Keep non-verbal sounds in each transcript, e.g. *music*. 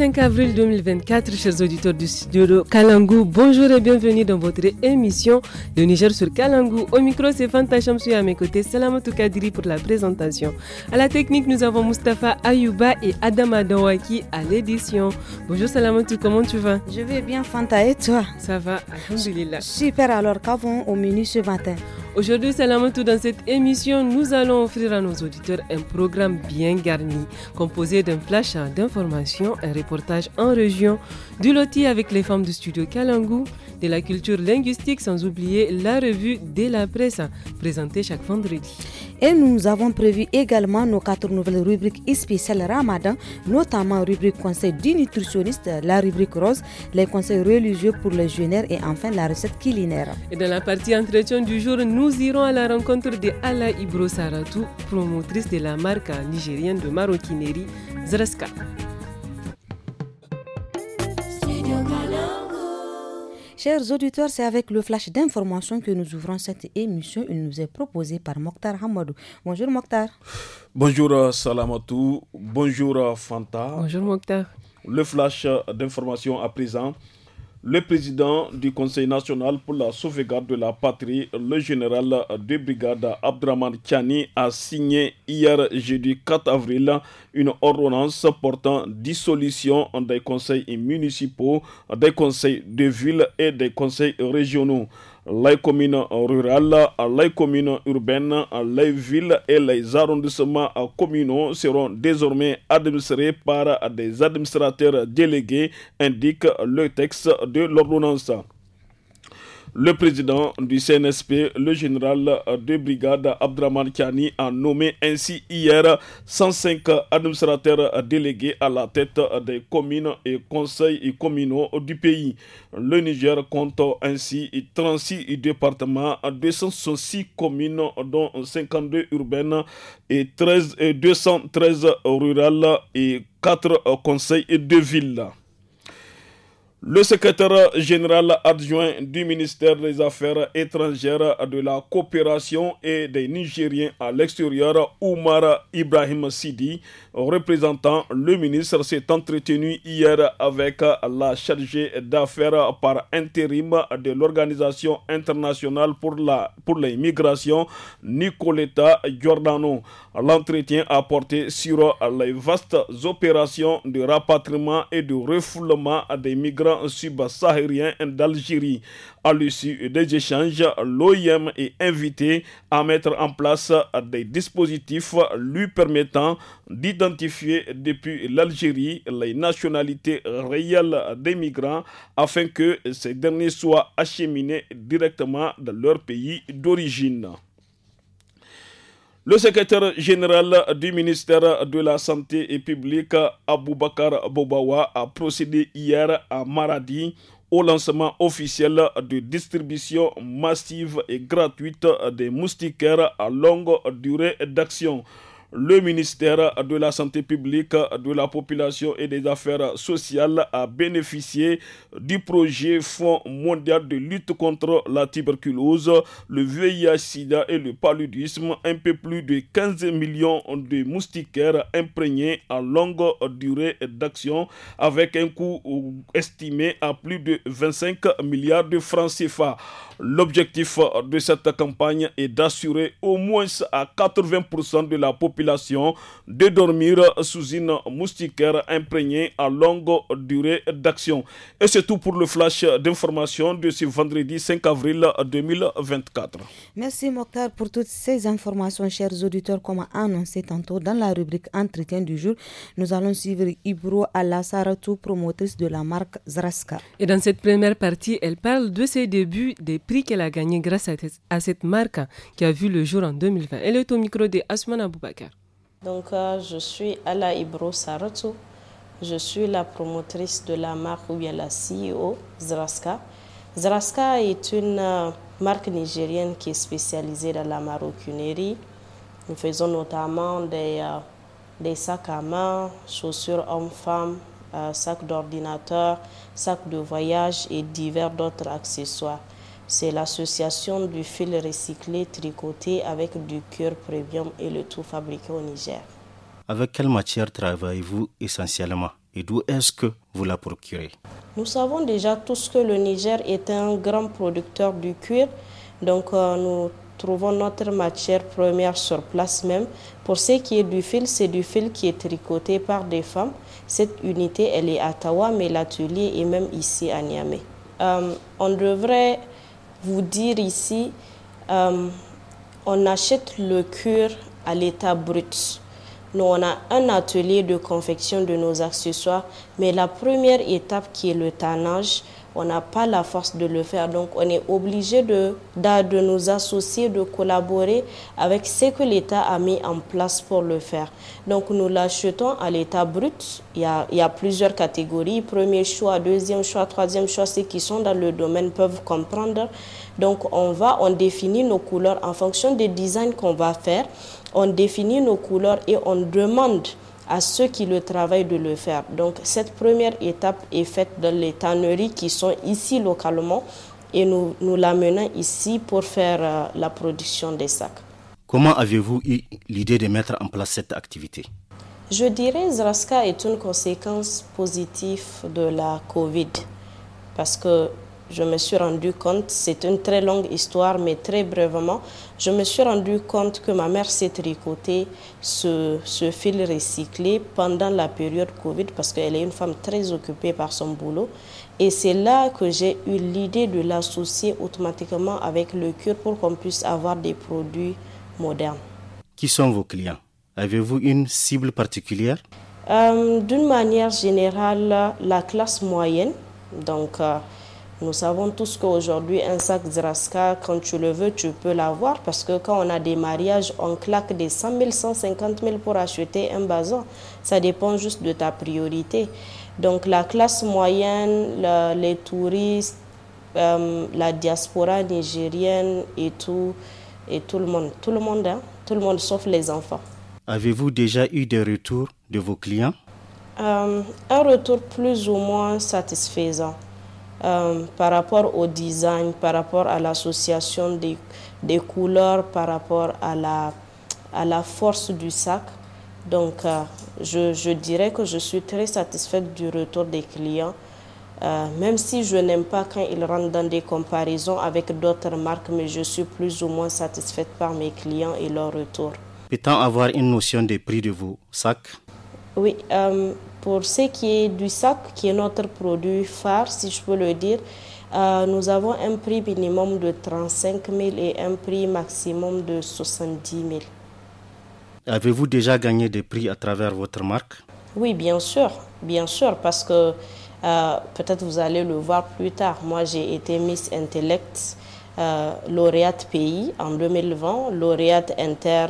5 avril 2024, chers auditeurs du studio de Kalangou, bonjour et bienvenue dans votre émission de Niger sur Kalangou. Au micro, c'est Fanta Chamsui à mes côtés, Salamatu Kadiri pour la présentation. À la technique, nous avons Mustapha Ayuba et Adam Dawaki à l'édition. Bonjour Salamatu, comment tu vas Je vais bien Fanta et toi Ça va, alhamdulillah. Super, alors qu'avons au menu ce matin Aujourd'hui, Salamoto, dans cette émission, nous allons offrir à nos auditeurs un programme bien garni, composé d'un flash d'informations, un reportage en région, du loti avec les femmes du studio Kalangu, de la culture linguistique, sans oublier la revue de la presse, présentée chaque vendredi. Et nous avons prévu également nos quatre nouvelles rubriques spéciales Ramadan, notamment rubrique conseil du nutritionniste, la rubrique rose, les conseils religieux pour les jeûneurs et enfin la recette culinaire. Et dans la partie entretien du jour, nous irons à la rencontre de Ala Ibro Saratou, promotrice de la marque nigérienne de maroquinerie Zreska. Chers auditeurs, c'est avec le flash d'information que nous ouvrons cette émission. Il nous est proposé par Mokhtar Hamadou. Bonjour Mokhtar. Bonjour euh, Salamatou. Bonjour euh, Fanta. Bonjour Mokhtar. Le flash d'information à présent. Le président du Conseil national pour la sauvegarde de la patrie, le général de brigade Abdraman Kiani, a signé hier jeudi 4 avril une ordonnance portant dissolution des conseils municipaux, des conseils de ville et des conseils régionaux les communes rurales, les communes urbaines, les villes et les arrondissements communaux seront désormais administrés par des administrateurs délégués, indique le texte de l'ordonnance. Le président du CNSP, le général de brigade Abdraman Kiani, a nommé ainsi hier 105 administrateurs délégués à la tête des communes et conseils communaux du pays. Le Niger compte ainsi 36 départements, 266 communes, dont 52 urbaines et 213 rurales et 4 conseils et de villes. Le secrétaire général adjoint du ministère des Affaires étrangères de la coopération et des Nigériens à l'extérieur, Oumar Ibrahim Sidi, représentant le ministre, s'est entretenu hier avec la chargée d'affaires par intérim de l'Organisation internationale pour, la, pour les migrations, Nicoletta Giordano. L'entretien a porté sur les vastes opérations de rapatriement et de refoulement des migrants sub subsaharien d'Algérie. À l'issue des échanges, l'OIM est invité à mettre en place des dispositifs lui permettant d'identifier depuis l'Algérie les nationalités réelles des migrants afin que ces derniers soient acheminés directement dans leur pays d'origine. Le secrétaire général du ministère de la Santé et publique, Aboubakar Bobawa, a procédé hier à Maradi au lancement officiel de distribution massive et gratuite des moustiquaires à longue durée d'action. Le ministère de la Santé publique, de la Population et des Affaires sociales a bénéficié du projet Fonds mondial de lutte contre la tuberculose, le VIH-Sida et le paludisme. Un peu plus de 15 millions de moustiquaires imprégnés à longue durée d'action avec un coût estimé à plus de 25 milliards de francs CFA. L'objectif de cette campagne est d'assurer au moins à 80% de la population de dormir sous une moustiquaire imprégnée à longue durée d'action. Et c'est tout pour le flash d'information de ce vendredi 5 avril 2024. Merci Mokhtar pour toutes ces informations, chers auditeurs. Comme annoncé tantôt dans la rubrique Entretien du jour, nous allons suivre Ibro tout promotrice de la marque Zraska. Et dans cette première partie, elle parle de ses débuts, des prix qu'elle a gagnés grâce à cette marque qui a vu le jour en 2020. Elle est au micro de Asman donc, euh, je suis Ala Ibro Saratou. Je suis la promotrice de la marque ou bien la CEO Zraska. Zraska est une euh, marque nigérienne qui est spécialisée dans la maroquinerie. Nous faisons notamment des, euh, sacs à main, chaussures hommes-femmes, sacs d'ordinateur, sacs de voyage et divers d'autres accessoires. C'est l'association du fil recyclé tricoté avec du cuir premium et le tout fabriqué au Niger. Avec quelle matière travaillez-vous essentiellement et d'où est-ce que vous la procurez Nous savons déjà tous que le Niger est un grand producteur du cuir, donc euh, nous trouvons notre matière première sur place même. Pour ce qui est du fil, c'est du fil qui est tricoté par des femmes. Cette unité, elle est à Tawa, mais l'atelier est même ici à Niamey. Euh, on devrait vous dire ici, euh, on achète le cure à l'état brut. Nous, on a un atelier de confection de nos accessoires, mais la première étape qui est le tannage, on n'a pas la force de le faire. Donc on est obligé de, de, de, nous associer, de collaborer avec ce que l'État a mis en place pour le faire. Donc nous l'achetons à l'état brut. Il y, a, il y a plusieurs catégories. Premier choix, deuxième choix, troisième choix, ceux qui sont dans le domaine peuvent comprendre. Donc on va, on définit nos couleurs en fonction des designs qu'on va faire. On définit nos couleurs et on demande à ceux qui le travaillent de le faire. Donc cette première étape est faite dans les tanneries qui sont ici localement et nous, nous l'amenons ici pour faire euh, la production des sacs. Comment avez-vous eu l'idée de mettre en place cette activité Je dirais Zraska est une conséquence positive de la COVID parce que je me suis rendu compte, c'est une très longue histoire, mais très brièvement, je me suis rendu compte que ma mère s'est tricotée ce, fil recyclé pendant la période Covid parce qu'elle est une femme très occupée par son boulot. Et c'est là que j'ai eu l'idée de l'associer automatiquement avec le cure pour qu'on puisse avoir des produits modernes. Qui sont vos clients Avez-vous une cible particulière euh, D'une manière générale, la classe moyenne. Donc, euh, nous savons tous qu'aujourd'hui, un sac Zraska, quand tu le veux, tu peux l'avoir parce que quand on a des mariages, on claque des 100 000, 150 000 pour acheter un bazar. Ça dépend juste de ta priorité. Donc la classe moyenne, les touristes, euh, la diaspora nigérienne et tout, et tout le monde, tout le monde, hein? tout le monde sauf les enfants. Avez-vous déjà eu des retours de vos clients euh, Un retour plus ou moins satisfaisant. Euh, par rapport au design, par rapport à l'association des, couleurs, par rapport à la, à la force du sac. Donc, euh, je, dirais que je suis très satisfaite du retour des clients, euh, même si je n'aime pas quand ils rentrent dans des comparaisons avec d'autres marques, mais je suis plus ou moins satisfaite par mes clients et leur retour. Peut-on avoir une notion des prix de vos sacs Oui, pour ce qui est du sac, qui est notre produit phare, si je peux le dire, euh, nous avons un prix minimum de 35 000 et un prix maximum de 70 000. Avez-vous déjà gagné des prix à travers votre marque Oui, bien sûr, bien sûr, parce que euh, peut-être vous allez le voir plus tard. Moi, j'ai été Miss Intellect euh, lauréate pays en 2020, lauréate inter,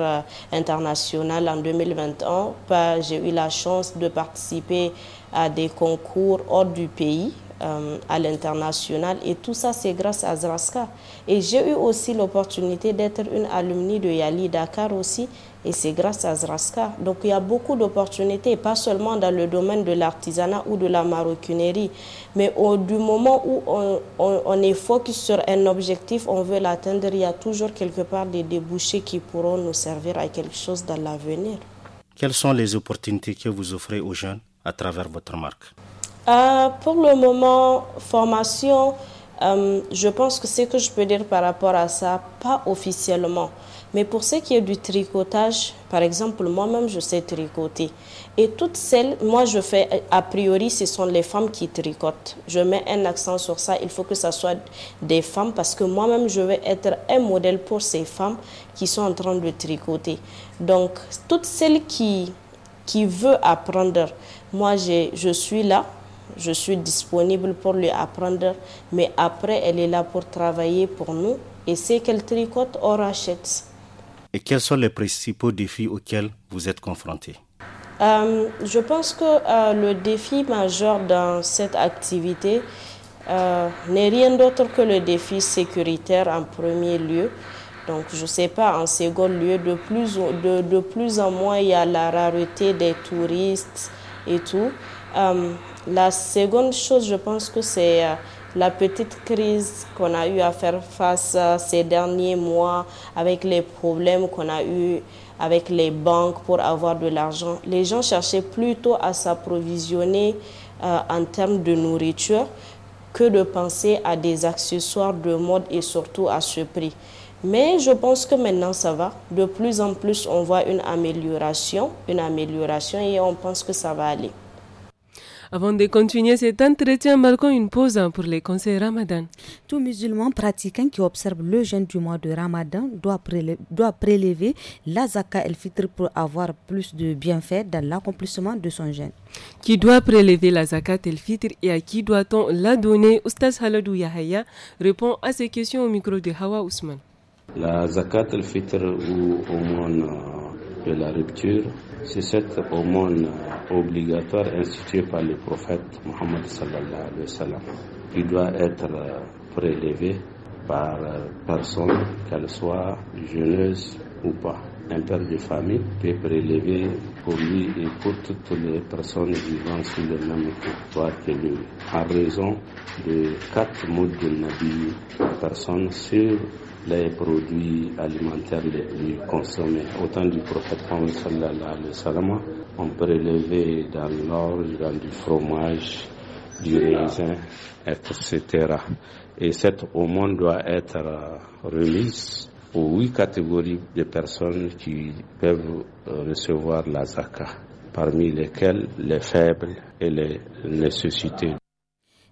international euh, internationale en 2021. J'ai eu la chance de participer à des concours hors du pays, euh, à l'international. Et tout ça, c'est grâce à Zraska. Et j'ai eu aussi l'opportunité d'être une alumnie de Yali Dakar aussi, et c'est grâce à Zraska. Donc il y a beaucoup d'opportunités, pas seulement dans le domaine de l'artisanat ou de la maroquinerie, mais au, du moment où on, est focus sur un objectif, on veut l'atteindre, il y a toujours quelque part des débouchés qui pourront nous servir à quelque chose dans l'avenir. Quelles sont les opportunités que vous offrez aux jeunes à travers votre marque euh, Pour le moment, formation, euh, je pense que ce que je peux dire par rapport à ça, pas officiellement. Mais pour ce qui est du tricotage, par exemple, moi-même, je sais tricoter. Et toutes celles, moi, je fais, a priori, ce sont les femmes qui tricotent. Je mets un accent sur ça. Il faut que ce soit des femmes parce que moi-même, je vais être un modèle pour ces femmes qui sont en train de tricoter. Donc, toutes celles qui, qui veulent apprendre, moi, je suis là je suis disponible pour lui apprendre, mais après, elle est là pour travailler pour nous et c'est qu'elle tricote, on rachète et quels sont les principaux défis auxquels vous êtes confrontés euh, Je pense que euh, le défi majeur dans cette activité euh, n'est rien d'autre que le défi sécuritaire en premier lieu. Donc, je ne sais pas, en second lieu, de plus, de, de plus en moins, il y a la rareté des touristes et tout. la seconde chose, je pense que c'est la petite crise qu'on a eu à faire face euh, ces derniers mois avec les problèmes qu'on a eu avec les banques pour avoir de l'argent. Les gens cherchaient plutôt à s'approvisionner euh, en termes de nourriture que de penser à des accessoires de mode et surtout à ce prix. Mais je pense que maintenant ça va. De plus en plus, on voit une amélioration, une amélioration et on pense que ça va aller. Avant de continuer cet entretien, marquons une pause pour les conseils ramadan. Tout musulman pratiquant qui observe le jeûne du mois de ramadan doit, prélever, la zakat el-fitr pour avoir plus de bienfaits dans l'accomplissement de son jeûne. Qui doit prélever la zakat el-fitr et à qui doit-on la donner Oustaz Haladou Yahaya répond à ces questions au micro de Hawa Ousmane. La zakat el-fitr ou au monde euh, de la rupture c'est cette aumône obligatoire instituée par le prophète Mohammed sallallahu alayhi wa qui doit être euh, prélevée par euh, personne, qu'elle soit jeuneuse ou pas. Un père de famille peut prélever pour lui et pour toutes les personnes vivant sur le même territoire que lui, en raison de quatre modes de Nabi personne sur les produits alimentaires les consommés. Au temps du prophète Mohammed sallallahu alayhi on prélevait dans l'orge, dans du fromage, du raisin, etc. Et cette aumône doit être remise aux huit catégories de personnes qui peuvent recevoir la zakat, parmi lesquelles les faibles et les nécessités.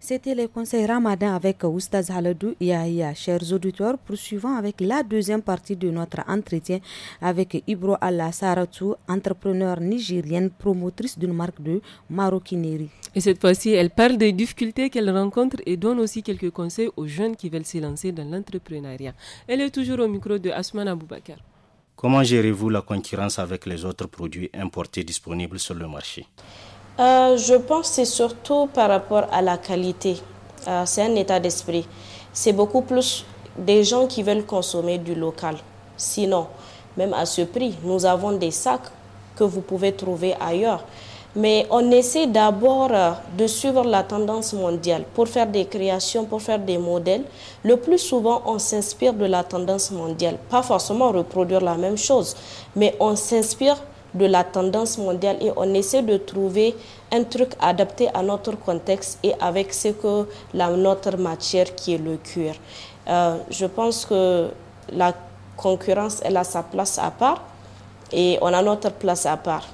C'était les Conseil ramadan avec Oustaz Haladou Yahya. Chers auditeurs, poursuivons avec la deuxième partie de notre entretien avec Ibro Allah Saratou, entrepreneur nigérienne, promotrice d'une marque de maroquinerie. Et cette fois-ci, elle parle des difficultés qu'elle rencontre et donne aussi quelques conseils aux jeunes qui veulent se lancer dans l'entrepreneuriat. Elle est toujours au micro de Asman Aboubakar. Comment gérez-vous la concurrence avec les autres produits importés disponibles sur le marché euh, je pense que c'est surtout par rapport à la qualité. Euh, c'est un état d'esprit. C'est beaucoup plus des gens qui veulent consommer du local. Sinon, même à ce prix, nous avons des sacs que vous pouvez trouver ailleurs. Mais on essaie d'abord euh, de suivre la tendance mondiale pour faire des créations, pour faire des modèles. Le plus souvent, on s'inspire de la tendance mondiale. Pas forcément reproduire la même chose, mais on s'inspire de la tendance mondiale et on essaie de trouver un truc adapté à notre contexte et avec ce que la, notre matière qui est le cuir. Euh, je pense que la concurrence, elle a sa place à part et on a notre place à part.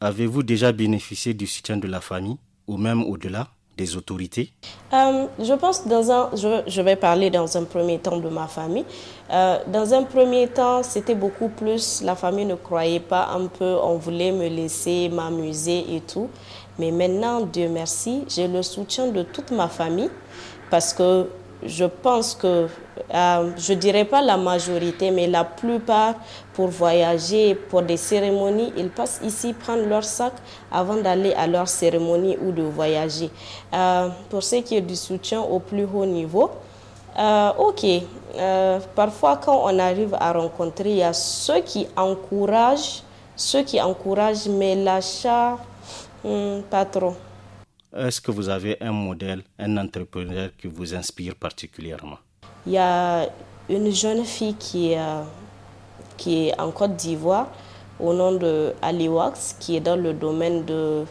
Avez-vous déjà bénéficié du soutien de la famille ou même au-delà des autorités euh, Je pense, dans un, je, je, vais parler dans un premier temps de ma famille. Euh, dans un premier temps, c'était beaucoup plus, la famille ne croyait pas un peu, on voulait me laisser m'amuser et tout. Mais maintenant, Dieu merci, j'ai le soutien de toute ma famille parce que je pense que, euh, je ne dirais pas la majorité, mais la plupart, pour voyager, pour des cérémonies, ils passent ici prendre leur sac avant d'aller à leur cérémonie ou de voyager. Euh, pour ce qui est du soutien au plus haut niveau, euh, ok, parfois quand on arrive à rencontrer, il y a ceux qui encouragent, ceux qui encouragent, mais l'achat, hmm, pas trop. Est-ce que vous avez un modèle, un entrepreneur qui vous inspire particulièrement Il y a une jeune fille qui est, euh, qui est en Côte d'Ivoire au nom de Aliwax, qui est dans le domaine de,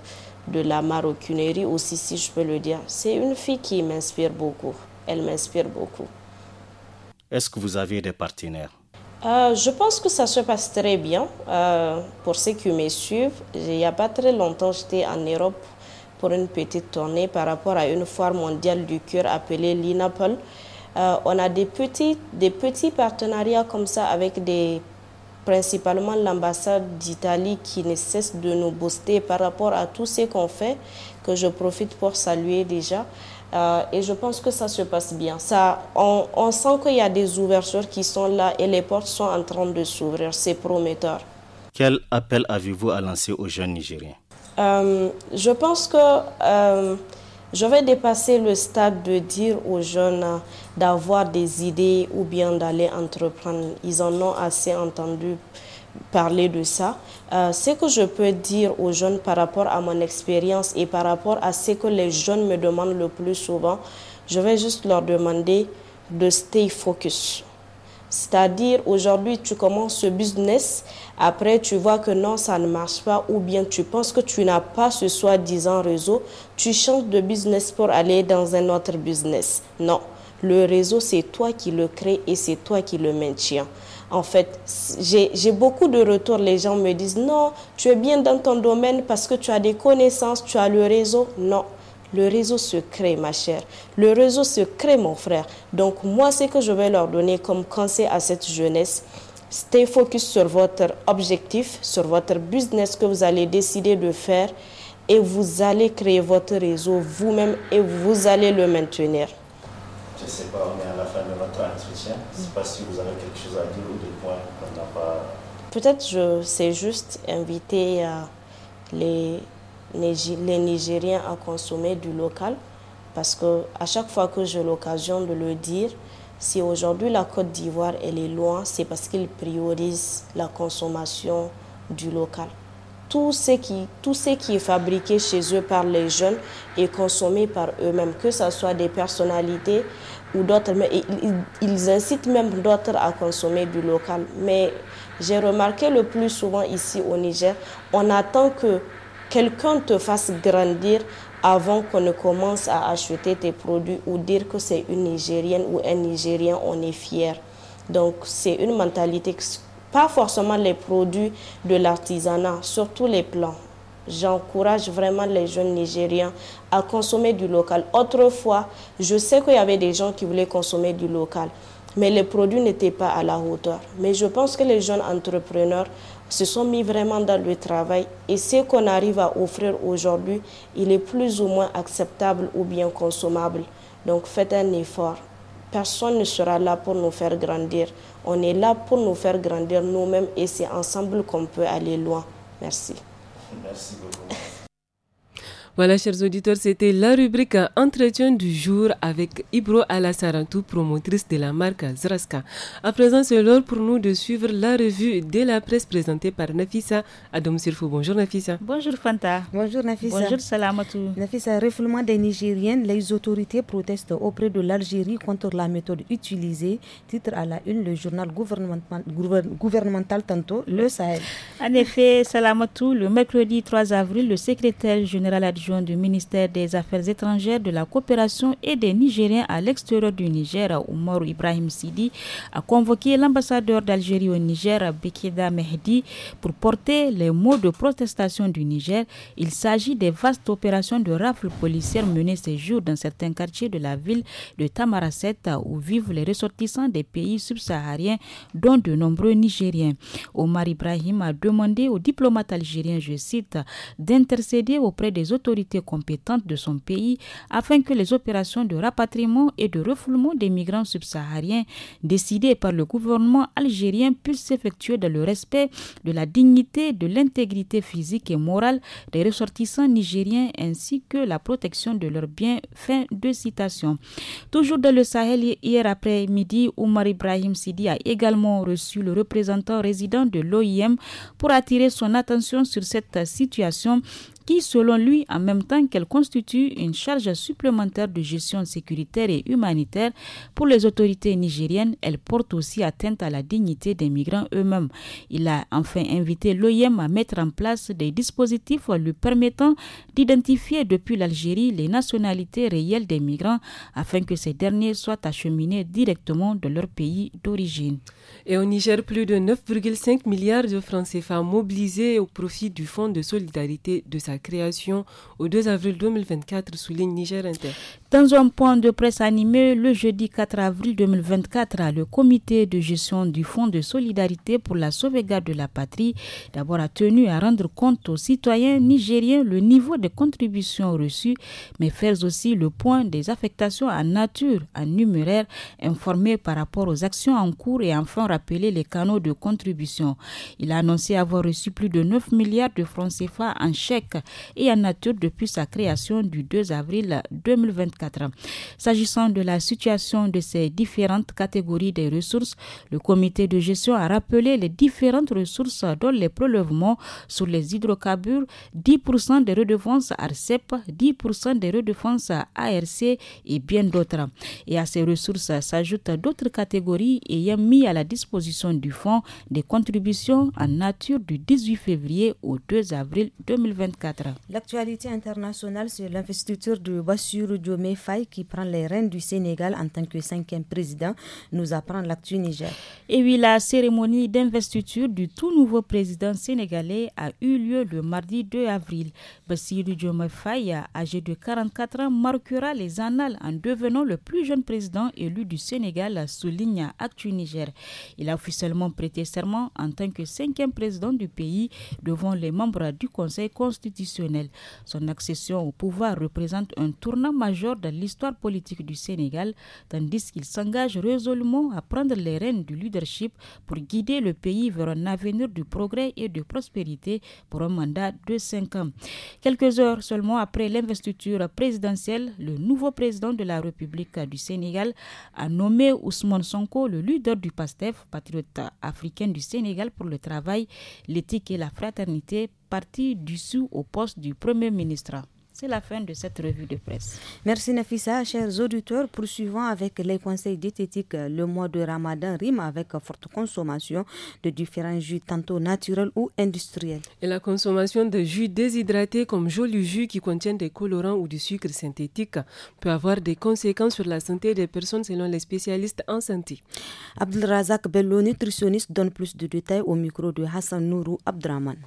de la maroquinerie aussi, si je peux le dire. C'est une fille qui m'inspire beaucoup. Elle m'inspire beaucoup. Est-ce que vous avez des partenaires euh, Je pense que ça se passe très bien. Euh, pour ceux qui me suivent, il n'y a pas très longtemps, j'étais en Europe pour une petite tournée par rapport à une foire mondiale du cœur appelée l'INAPOL. Euh, on a des petits, des petits partenariats comme ça avec des principalement l'ambassade d'Italie qui ne cesse de nous booster par rapport à tout ce qu'on fait, que je profite pour saluer déjà. Euh, et je pense que ça se passe bien. Ça, on, on sent qu'il y a des ouvertures qui sont là et les portes sont en train de s'ouvrir. C'est prometteur. Quel appel avez-vous à lancer aux jeunes Nigériens euh, je pense que euh, je vais dépasser le stade de dire aux jeunes d'avoir des idées ou bien d'aller entreprendre. Ils en ont assez entendu parler de ça. Euh, ce que je peux dire aux jeunes par rapport à mon expérience et par rapport à ce que les jeunes me demandent le plus souvent, je vais juste leur demander de stay focus. C'est-à-dire, aujourd'hui, tu commences ce business, après, tu vois que non, ça ne marche pas, ou bien tu penses que tu n'as pas ce soi-disant réseau, tu changes de business pour aller dans un autre business. Non, le réseau, c'est toi qui le crée et c'est toi qui le maintiens. En fait, j'ai beaucoup de retours. Les gens me disent, non, tu es bien dans ton domaine parce que tu as des connaissances, tu as le réseau. Non, le réseau se crée, ma chère. Le réseau se crée, mon frère. Donc, moi, ce que je vais leur donner comme conseil à cette jeunesse, stay focus sur votre objectif, sur votre business que vous allez décider de faire et vous allez créer votre réseau vous-même et vous allez le maintenir. Je ne sais pas, on est à la fin de notre entretien. Je ne sais pas si vous avez quelque chose à dire ou des points qu'on n'a pas. Peut-être je c'est juste inviter euh, les les Nigériens à consommer du local parce que à chaque fois que j'ai l'occasion de le dire, si aujourd'hui la Côte d'Ivoire elle est loin, c'est parce qu'ils priorisent la consommation du local. Tout ce, qui, tout ce qui est fabriqué chez eux par les jeunes est consommé par eux-mêmes, que ce soit des personnalités ou d'autres. Ils incitent même d'autres à consommer du local. Mais j'ai remarqué le plus souvent ici au Niger, on attend que quelqu'un te fasse grandir avant qu'on ne commence à acheter tes produits ou dire que c'est une Nigérienne ou un Nigérien, on est fier. Donc c'est une mentalité, pas forcément les produits de l'artisanat, surtout les plans. J'encourage vraiment les jeunes Nigériens à consommer du local. Autrefois, je sais qu'il y avait des gens qui voulaient consommer du local, mais les produits n'étaient pas à la hauteur. Mais je pense que les jeunes entrepreneurs se sont mis vraiment dans le travail et ce qu'on arrive à offrir aujourd'hui, il est plus ou moins acceptable ou bien consommable. Donc faites un effort. Personne ne sera là pour nous faire grandir. On est là pour nous faire grandir nous-mêmes et c'est ensemble qu'on peut aller loin. Merci. Voilà, chers auditeurs, c'était la rubrique Entretien du jour avec Ibro Alassarantou, promotrice de la marque Zraska. À présent, c'est l'heure pour nous de suivre la revue de la presse présentée par Nafissa Adam Sirfou. Bonjour Nafissa. Bonjour Fanta. Bonjour Nafissa. Bonjour Salamatou. Nafissa, refoulement des Nigériens, les autorités protestent auprès de l'Algérie contre la méthode utilisée. Titre à la une, le journal gouvernemental, gouvernemental tantôt, le Sahel. En effet, Salamatou, le mercredi 3 avril, le secrétaire général adjoint du ministère des Affaires étrangères, de la coopération et des Nigériens à l'extérieur du Niger, Omar Ibrahim Sidi, a convoqué l'ambassadeur d'Algérie au Niger, Bikeda Mehdi, pour porter les mots de protestation du Niger. Il s'agit des vastes opérations de rafles policières menées ces jours dans certains quartiers de la ville de Tamaraset où vivent les ressortissants des pays subsahariens, dont de nombreux Nigériens. Omar Ibrahim a demandé aux diplomates algériens, je cite, d'intercéder auprès des autorités compétente de son pays afin que les opérations de rapatriement et de refoulement des migrants subsahariens décidées par le gouvernement algérien puissent s'effectuer dans le respect de la dignité, de l'intégrité physique et morale des ressortissants nigériens ainsi que la protection de leurs biens. Fin de citation. Toujours dans le Sahel, hier après-midi, Oumar Ibrahim Sidi a également reçu le représentant résident de l'OIM pour attirer son attention sur cette situation qui, selon lui, en même temps qu'elle constitue une charge supplémentaire de gestion sécuritaire et humanitaire pour les autorités nigériennes, elle porte aussi atteinte à la dignité des migrants eux-mêmes. Il a enfin invité l'OIM à mettre en place des dispositifs lui permettant d'identifier depuis l'Algérie les nationalités réelles des migrants afin que ces derniers soient acheminés directement de leur pays d'origine. Et au Niger, plus de 9,5 milliards de francs CFA mobilisés au profit du Fonds de solidarité de sa création au 2 avril 2024, souligne Niger Inter. Dans un point de presse animé le jeudi 4 avril 2024, le comité de gestion du Fonds de solidarité pour la sauvegarde de la patrie d'abord a tenu à rendre compte aux citoyens nigériens le niveau des contributions reçues, mais faire aussi le point des affectations en nature, en numéraire, informé par rapport aux actions en cours et enfin rappeler les canaux de contribution. Il a annoncé avoir reçu plus de 9 milliards de francs CFA en chèques et en nature depuis sa création du 2 avril 2024. S'agissant de la situation de ces différentes catégories des ressources, le comité de gestion a rappelé les différentes ressources dont les prélèvements sur les hydrocarbures, 10% des redevances ARCEP, 10% des redevances ARC et bien d'autres. Et à ces ressources s'ajoutent d'autres catégories ayant mis à la disposition du fonds des contributions en nature du 18 février au 2 avril 2024. L'actualité internationale, c'est l'investiture de Bassirou Diomaye Faye qui prend les rênes du Sénégal en tant que cinquième président, nous apprend l'actu Niger. Et oui, la cérémonie d'investiture du tout nouveau président sénégalais a eu lieu le mardi 2 avril. Bassirou Faye, âgé de 44 ans, marquera les annales en devenant le plus jeune président élu du Sénégal, souligne Actu Niger. Il a officiellement prêté serment en tant que cinquième président du pays devant les membres du Conseil constitutionnel son accession au pouvoir représente un tournant majeur dans l'histoire politique du Sénégal, tandis qu'il s'engage résolument à prendre les rênes du leadership pour guider le pays vers un avenir de progrès et de prospérité pour un mandat de cinq ans. Quelques heures seulement après l'investiture présidentielle, le nouveau président de la République du Sénégal a nommé Ousmane Sonko, le leader du PASTEF, patriote africain du Sénégal pour le travail, l'éthique et la fraternité, parti du sous au poste du Premier ministre. C'est la fin de cette revue de presse. Merci Nafissa. Chers auditeurs, poursuivons avec les conseils diététiques. Le mois de Ramadan rime avec forte consommation de différents jus, tantôt naturels ou industriels. Et la consommation de jus déshydratés comme joli jus qui contient des colorants ou du sucre synthétique peut avoir des conséquences sur la santé des personnes selon les spécialistes en santé. Abdelrazak Bello, nutritionniste, donne plus de détails au micro de Hassan Nourou Abdraman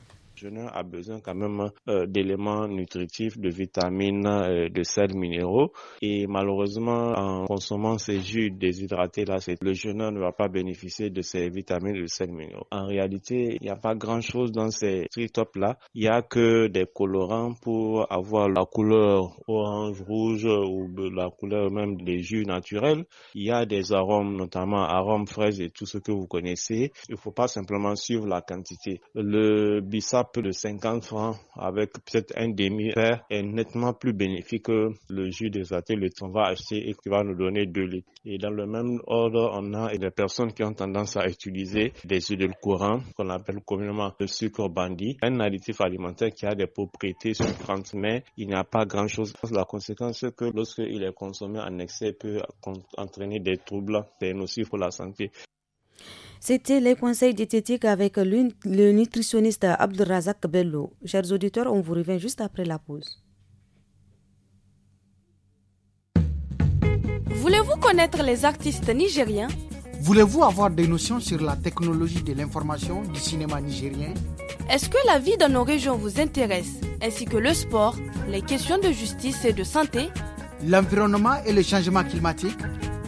le jeûneur a besoin quand même euh, d'éléments nutritifs, de vitamines, euh, de sels minéraux. Et malheureusement, en consommant ces jus déshydratés là, le jeûneur ne va pas bénéficier de ces vitamines et de sels minéraux. En réalité, il n'y a pas grand chose dans ces tri là. Il n'y a que des colorants pour avoir la couleur orange, rouge ou la couleur même des jus naturels. Il y a des arômes, notamment arômes fraises et tout ce que vous connaissez. Il ne faut pas simplement suivre la quantité. Le bisap plus de 50 francs avec peut-être un demi est nettement plus bénéfique que le jus Le temps va acheter et qui va nous donner 2 litres. Et dans le même ordre, on a des personnes qui ont tendance à utiliser des jus de courant qu'on appelle communément le sucre bandit, un additif alimentaire qui a des propriétés sucrantes, mais il n'y a pas grand-chose. La conséquence, c'est que lorsqu'il est consommé en excès, peut entraîner des troubles, des nocifs pour la santé. C'était les conseils diététiques avec le nutritionniste Abdelrazak Bello. Chers auditeurs, on vous revient juste après la pause. Voulez-vous connaître les artistes nigériens Voulez-vous avoir des notions sur la technologie de l'information du cinéma nigérien Est-ce que la vie dans nos régions vous intéresse, ainsi que le sport, les questions de justice et de santé L'environnement et le changement climatique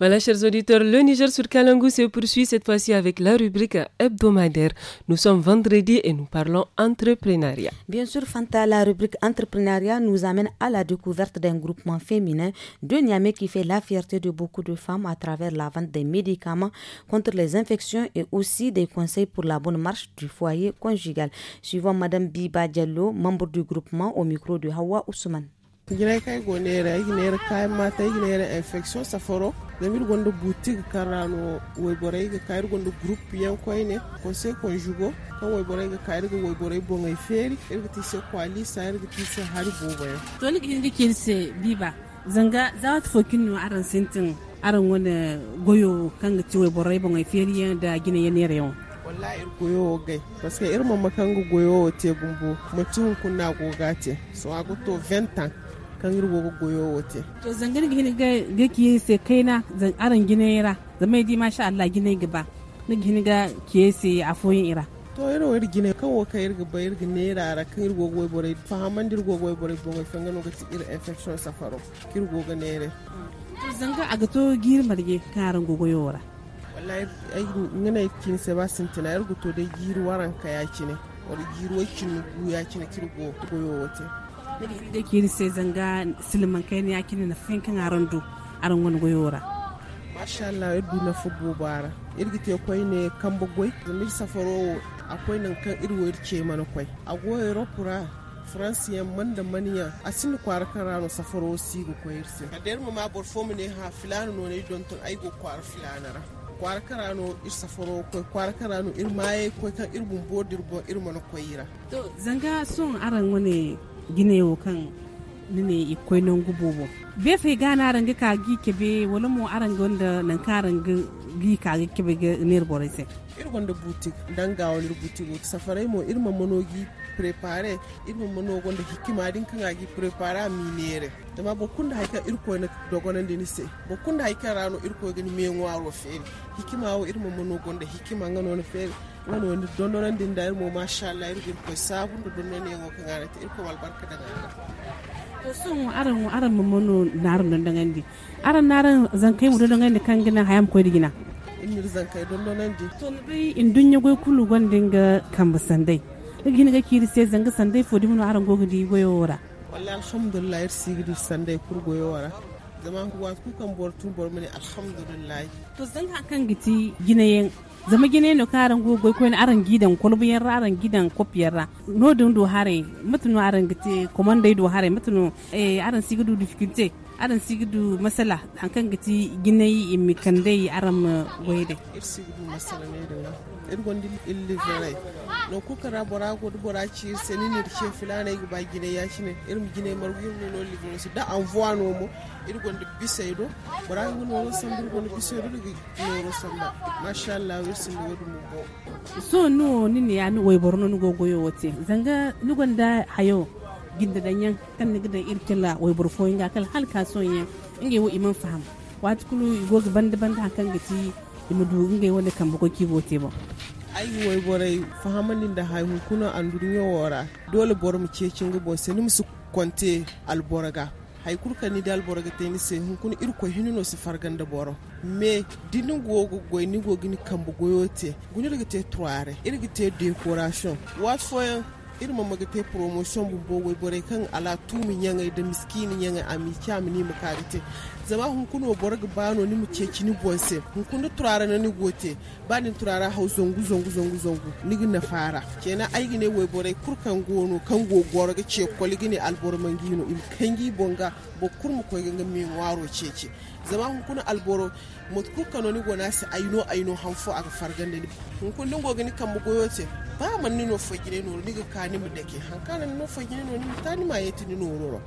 Voilà, chers auditeurs, le Niger sur Kalangou se poursuit cette fois-ci avec la rubrique hebdomadaire. Nous sommes vendredi et nous parlons entrepreneuriat. Bien sûr, Fanta, la rubrique entrepreneuriat nous amène à la découverte d'un groupement féminin de Niamey qui fait la fierté de beaucoup de femmes à travers la vente des médicaments contre les infections et aussi des conseils pour la bonne marche du foyer conjugal. Suivant Madame Biba Diallo, membre du groupement, au micro de Hawa Ousmane. ginai kai gonera ginai kai mata ginai infection safaro zamir gondo boutique karano woybore ga kayir gondo group yan ne. sai conseil jugo kan woybore ga kayir ga woybore bongay feri irga ti se kwali sa irga ti se hari ya to ni gindi se biba zanga zawat fokin no aran sintin aran wani goyo kan ga ci woybore bongay feri da gina yanere yawan wallahi ir er goyo gai parce que er irma makanga goyo te gumbo mutum kunna goga ce. so ago to 20 kan yi go goyo wote to zangar gini ga gaki se kaina zan aran gine ira zamai di masha Allah gine gaba na gini ga kiyese afoyin ira to yi rawar gine kan wo yi gaba yi gine ira ara kan irgo goyo bore fahaman dirgo goyo bore bongo fenga no gati ir infection safaro kirgo ga nere to zanga a gato giri marge goyo wara. wallahi ai ngana kin se ba sintina irgo to de giri waran ka ya kine wani giri wakin gu ya kine kirgo goyo wote da ke sai zanga silman kai ne na goyora masha Allah ne kan bugwai zamir safaro akwai nan kan irwo irce mana a man da maniya a sin kwara kan rano safaro si sin ma ne ha ne don aigo Kwara kan rano ir safaro kwai kwara kan rano ir maye kan to zanga sun aran wani gine wa kan nune ikwai nan gubobo be fai gana ranga ka gi kebe wala mu aranga wanda nan ka ranga gi ka gi kebe ga ner borese irgon da butik dan ga wani butik safarai mo irma manogi prepare irin manogon da hikima din kan agi prepare minere dama bokun da haika irko ne dogonan da nise bokun da haika rano irko gani me ngwaro fe hikima wo irin manogon da hikima ngano ne fe ngano ne dondonan din da irmo masha Allah irko ko sabun da ne yango kan ara ta irko walbarka daga to sun aran aran mamono naran dondonan di aran naran zan kai mu dondonan di kan gina hayam ko digina in mirzan kai dondonan di to ne in dunya goy kulu gondin ga kan dai. hina ga kiri se zanga sandai fo dimno aran gogo di goyora wallahi alhamdulillah ir sigidi sandai kur goyora wara. kuwa ku kan bor tu bor mini alhamdulillah to zanga kan giti ginayen zama gine no karan gogo ko aran gidan kolbiyan aran gidan kopi ra no dun do hare mutuno aran giti komandai do hare n'o eh aran sigidu difikunte aran sigdu masala an kan gati ginai imi kandai aram uh, goyde sigdu masala ne da ir gondi illi fere no ku kara bora du bora ci senini ke filana yi ba gine ya shine irin gine margu no no livro su da an envoi no mo ir gondi bisedo bora go no san bir gondi bisedo no no san ba masha Allah wisi no do mo go so no ni ne ya ni way borno no go goyo wote zanga ni gonda hayo da yan kan ni gidan irkilla wai burfo yin gakal hal kason yan inge wo iman faham wat kulu go banda banda hakan gati imudu inge wani kan bako kibo te ba ai wai borai fahamin da haihu kuna an duniya wora dole bor mu ce cinga bo sai ni musu kwante alboraga haikur kurka ni dal boraga te ni sai hun kun irko no su fargan da boro me dinin gogo goy ni gogini kambu goyote guni daga te turare irga te decoration wat foyan irma te promotion bu bogoi bore kan ala tumin yangai da miskinin yangai a mi kyam zama hun kuno borg bano ni mu ceci ni bonse hun kun na ni gote banin turara hau zongu zongu zongu zongu ni na fara kenan ai gine wai bore kurkan gono kan gogoro ga ce kwali gine albor mangino im kangi bonga bo kurmu ko ga min waro cece zama hunkuna alboro mutku kanoni gona si aino aino hanfo fargan da ni hunkun dingo gani kan mu goyote ba man n'o fo gine no ni ga kani mu dake hankana n'o fo gine no ni tani ma yeti nino roro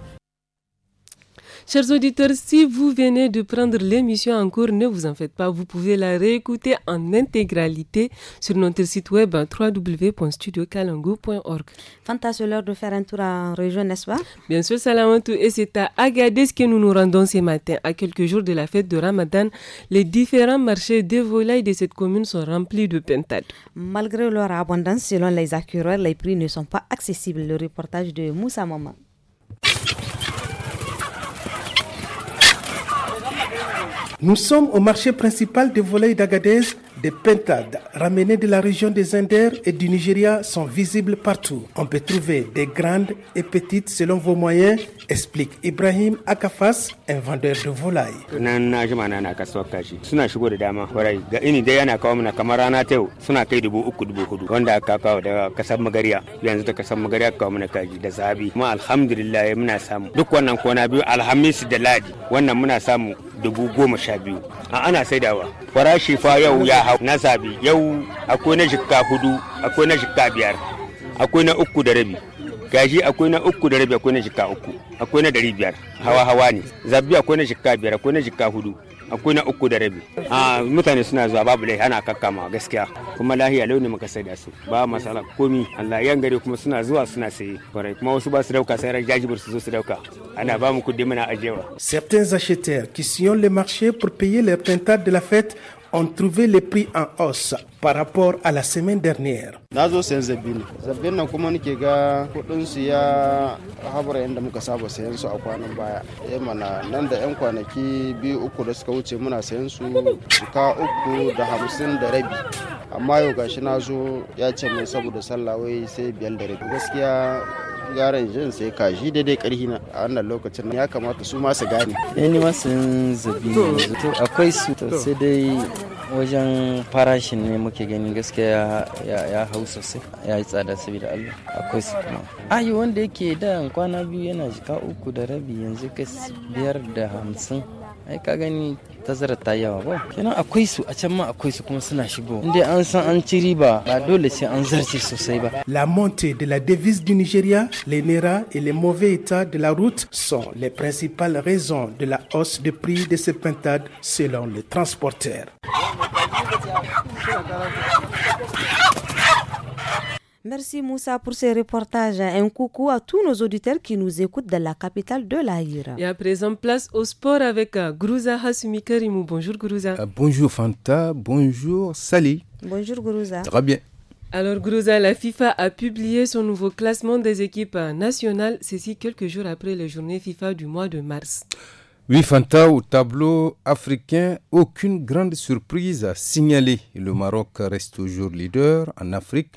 Chers auditeurs, si vous venez de prendre l'émission en cours, ne vous en faites pas, vous pouvez la réécouter en intégralité sur notre site web www.studiocalango.org. Fantastique, l'heure de faire un tour en région, n'est-ce pas Bien sûr, Salamantou, et c'est à Agadez que nous nous rendons ce matin. À quelques jours de la fête de Ramadan, les différents marchés de volailles de cette commune sont remplis de pentades. Malgré leur abondance, selon les accueilleurs les prix ne sont pas accessibles. Le reportage de Moussa Maman. Nous sommes au marché principal de volailles d'Agadez. Des pentades ramenées de la région des Indes et du Nigeria sont visibles partout. On peut trouver des grandes et petites selon vos moyens, explique Ibrahim Akafas, un vendeur de volailles. dubu goma sha biyu a ana saidawa farashi fa yau ya hau na sabi yau akwai na jikka hudu akwai na jikka biyar akwai na uku da rabi gashi akwai na uku da rabi akwai na jikka uku akwai na dari biyar hawa hawa ne zabi akwai na jikka biyar akwai na jikka hudu akwai na uku da rabi a ah, mutane suna zuwa babu lai ana kakkama gaskiya kuma lahiya launi muka sai da su ba masala komi Allah yan gari kuma suna zuwa suna sayi kwarai kuma wasu ba su dauka sai jajibir su zo su dauka ana ba mu kudi muna ajewa certains acheteurs qui sillonnent les marché pour payer les pintades de la fête ont trouvé les prix en hausse par rapport à la semaine dernière. Na zo sayan zabini. ne. nan kuma nake ga kudin su ya habura yadda muka saba sayan su a kwanan baya. Eh mana nan da yan kwanaki biyu uku da suka wuce muna sayan su suka uku da hamsin da rabi. Amma yau gashi na zo ya ce mai saboda sallah wai sai biyar da rabi. Gaskiya garan jin sai kaji daidai karhi na a wannan lokacin ya kamata su ma su gane. Eh ni ma sayan Akwai su sai dai wajen farashin ne muke gani gaskiya ya hau sosai ya yi tsada saboda allah akwai su kuma ayi wanda yake da kwana biyu yana jika uku da rabi yanzu kai biyar da hamsin ai ka gani la montée de la devise du Nigeria les nera et le mauvais état de la route sont les principales raisons de la hausse de prix de ces pintades selon les transporteurs Merci Moussa pour ces reportages. Un coucou à tous nos auditeurs qui nous écoutent dans la capitale de l'Aïr. Et à présent, place au sport avec euh, Grouza Hasumi Karimou. Bonjour Grouza. Ah, bonjour Fanta, bonjour Sali. Bonjour Grouza. Très bien. Alors Grouza, la FIFA a publié son nouveau classement des équipes euh, nationales, ceci quelques jours après les journée FIFA du mois de mars. Oui, Fanta, au tableau africain, aucune grande surprise à signaler. Le Maroc reste toujours leader en Afrique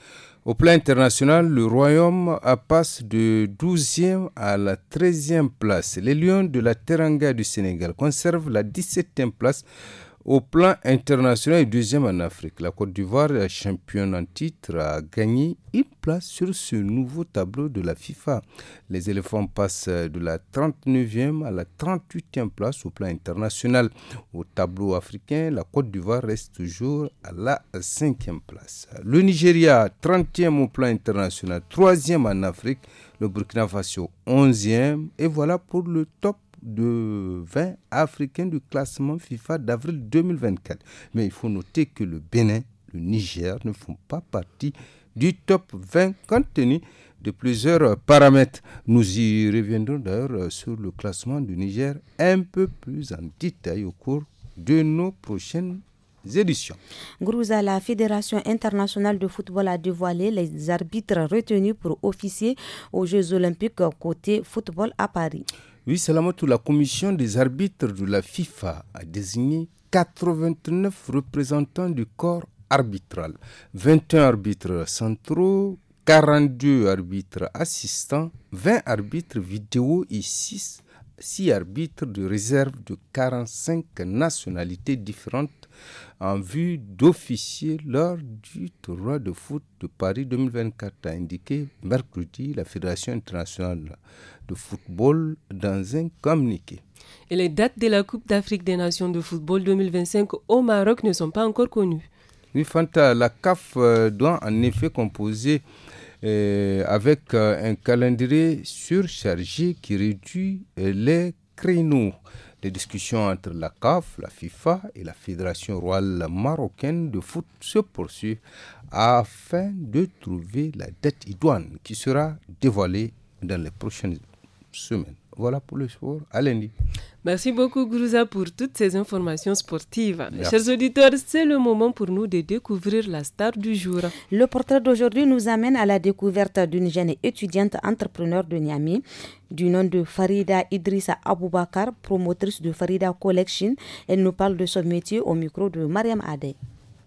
au plan international, le Royaume passe de 12e à la 13e place. Les Lions de la Teranga du Sénégal conservent la 17e place au plan international et deuxième en Afrique, la Côte d'Ivoire, championne en titre, a gagné une place sur ce nouveau tableau de la FIFA. Les éléphants passent de la 39e à la 38e place au plan international. Au tableau africain, la Côte d'Ivoire reste toujours à la 5e place. Le Nigeria, 30e au plan international, 3e en Afrique. Le Burkina Faso, 11e. Et voilà pour le top de 20 africains du classement FIFA d'avril 2024. Mais il faut noter que le Bénin, le Niger ne font pas partie du top 20 compte tenu de plusieurs paramètres. Nous y reviendrons d'ailleurs euh, sur le classement du Niger un peu plus en détail au cours de nos prochaines éditions. Grouza, la Fédération internationale de football a dévoilé les arbitres retenus pour officier aux Jeux olympiques côté football à Paris. Oui, c'est la commission des arbitres de la FIFA a désigné 89 représentants du corps arbitral, 21 arbitres centraux, 42 arbitres assistants, 20 arbitres vidéo et 6, arbitres de réserve de 45 nationalités différentes en vue d'officier lors du tournoi de foot de Paris 2024, a indiqué mercredi la Fédération internationale de football dans un communiqué. Et les dates de la Coupe d'Afrique des Nations de football 2025 au Maroc ne sont pas encore connues. Oui, Fanta, la CAF euh, doit en effet composer euh, avec euh, un calendrier surchargé qui réduit les créneaux. Les discussions entre la CAF, la FIFA et la Fédération royale marocaine de foot se poursuivent afin de trouver la dette idoine qui sera dévoilée dans les prochaines semaine. Voilà pour le sport. À Merci beaucoup, Gourouza, pour toutes ces informations sportives. Chers auditeurs, c'est le moment pour nous de découvrir la star du jour. Le portrait d'aujourd'hui nous amène à la découverte d'une jeune étudiante entrepreneur de Niamey du nom de Farida Idrissa Aboubakar, promotrice de Farida Collection. Elle nous parle de son métier au micro de Mariam Adey.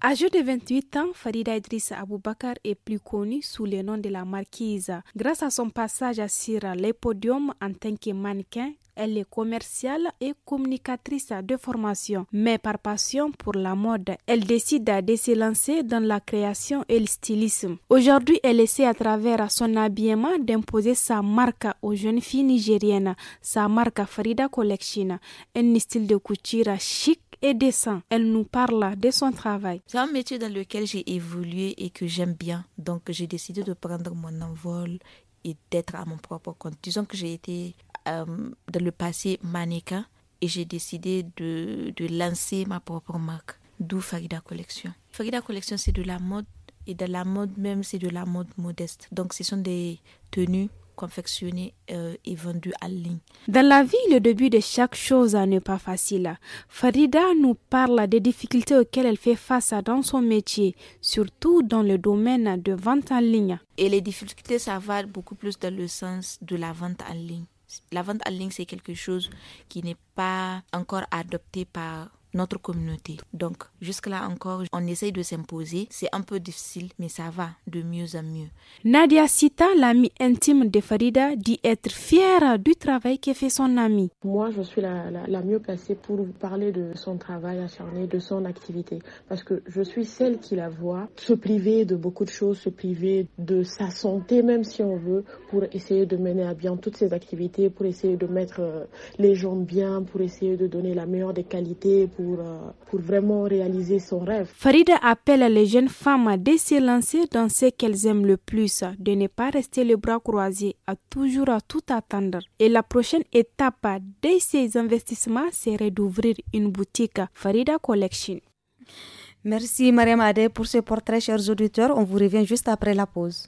Âgée de 28 ans, Farida Idris Aboubakar est plus connue sous le nom de la marquise. Grâce à son passage à Sira, les podiums en tant que mannequin, elle est commerciale et communicatrice de formation, mais par passion pour la mode, elle décide de se lancer dans la création et le stylisme. Aujourd'hui, elle essaie à travers son habillement d'imposer sa marque aux jeunes filles nigériennes, sa marque Farida Collection, un style de couture chic et dessin. Elle nous parle de son travail. C'est un métier dans lequel j'ai évolué et que j'aime bien. Donc j'ai décidé de prendre mon envol et d'être à mon propre compte. Disons que j'ai été euh, dans le passé mannequin et j'ai décidé de, de lancer ma propre marque, d'où Farida Collection. Farida Collection, c'est de la mode et de la mode même, c'est de la mode modeste. Donc ce sont des tenues confectionnés euh, et vendus en ligne. Dans la vie, le début de chaque chose n'est pas facile. Farida nous parle des difficultés auxquelles elle fait face dans son métier, surtout dans le domaine de vente en ligne. Et les difficultés, ça va beaucoup plus dans le sens de la vente en ligne. La vente en ligne, c'est quelque chose qui n'est pas encore adopté par notre communauté. Donc, jusque-là encore, on essaye de s'imposer. C'est un peu difficile, mais ça va de mieux en mieux. Nadia Sita, l'amie intime de Farida, dit être fière du travail qu'a fait son amie. Moi, je suis la, mieux placée pour vous parler de son travail acharné, de son activité, parce que je suis celle qui la voit se priver de beaucoup de choses, se priver de sa santé, même si on veut, pour essayer de mener à bien toutes ses activités, pour essayer de mettre euh, les gens bien, pour essayer de donner la meilleure des qualités, pour euh, pour, vraiment réaliser son rêve. Farida appelle les jeunes femmes à se lancer dans ce qu'elles aiment le plus, de ne pas rester les bras croisés, à toujours à tout attendre. Et la prochaine étape de ces investissements serait d'ouvrir une boutique Farida Collection. Merci Mariam Adé pour ce portrait, chers auditeurs. On vous revient juste après la pause.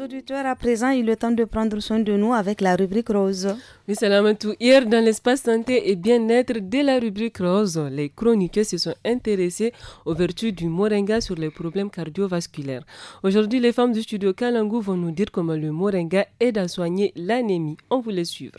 auditeurs, à présent, il est temps de prendre soin de nous avec la rubrique rose. Oui, tout. Hier, dans l'espace santé et bien-être de la rubrique rose, les chroniqueurs se sont intéressés aux vertus du moringa sur les problèmes cardiovasculaires. Aujourd'hui, les femmes du studio Kalangu vont nous dire comment le moringa aide à soigner l'anémie. On vous les suivre.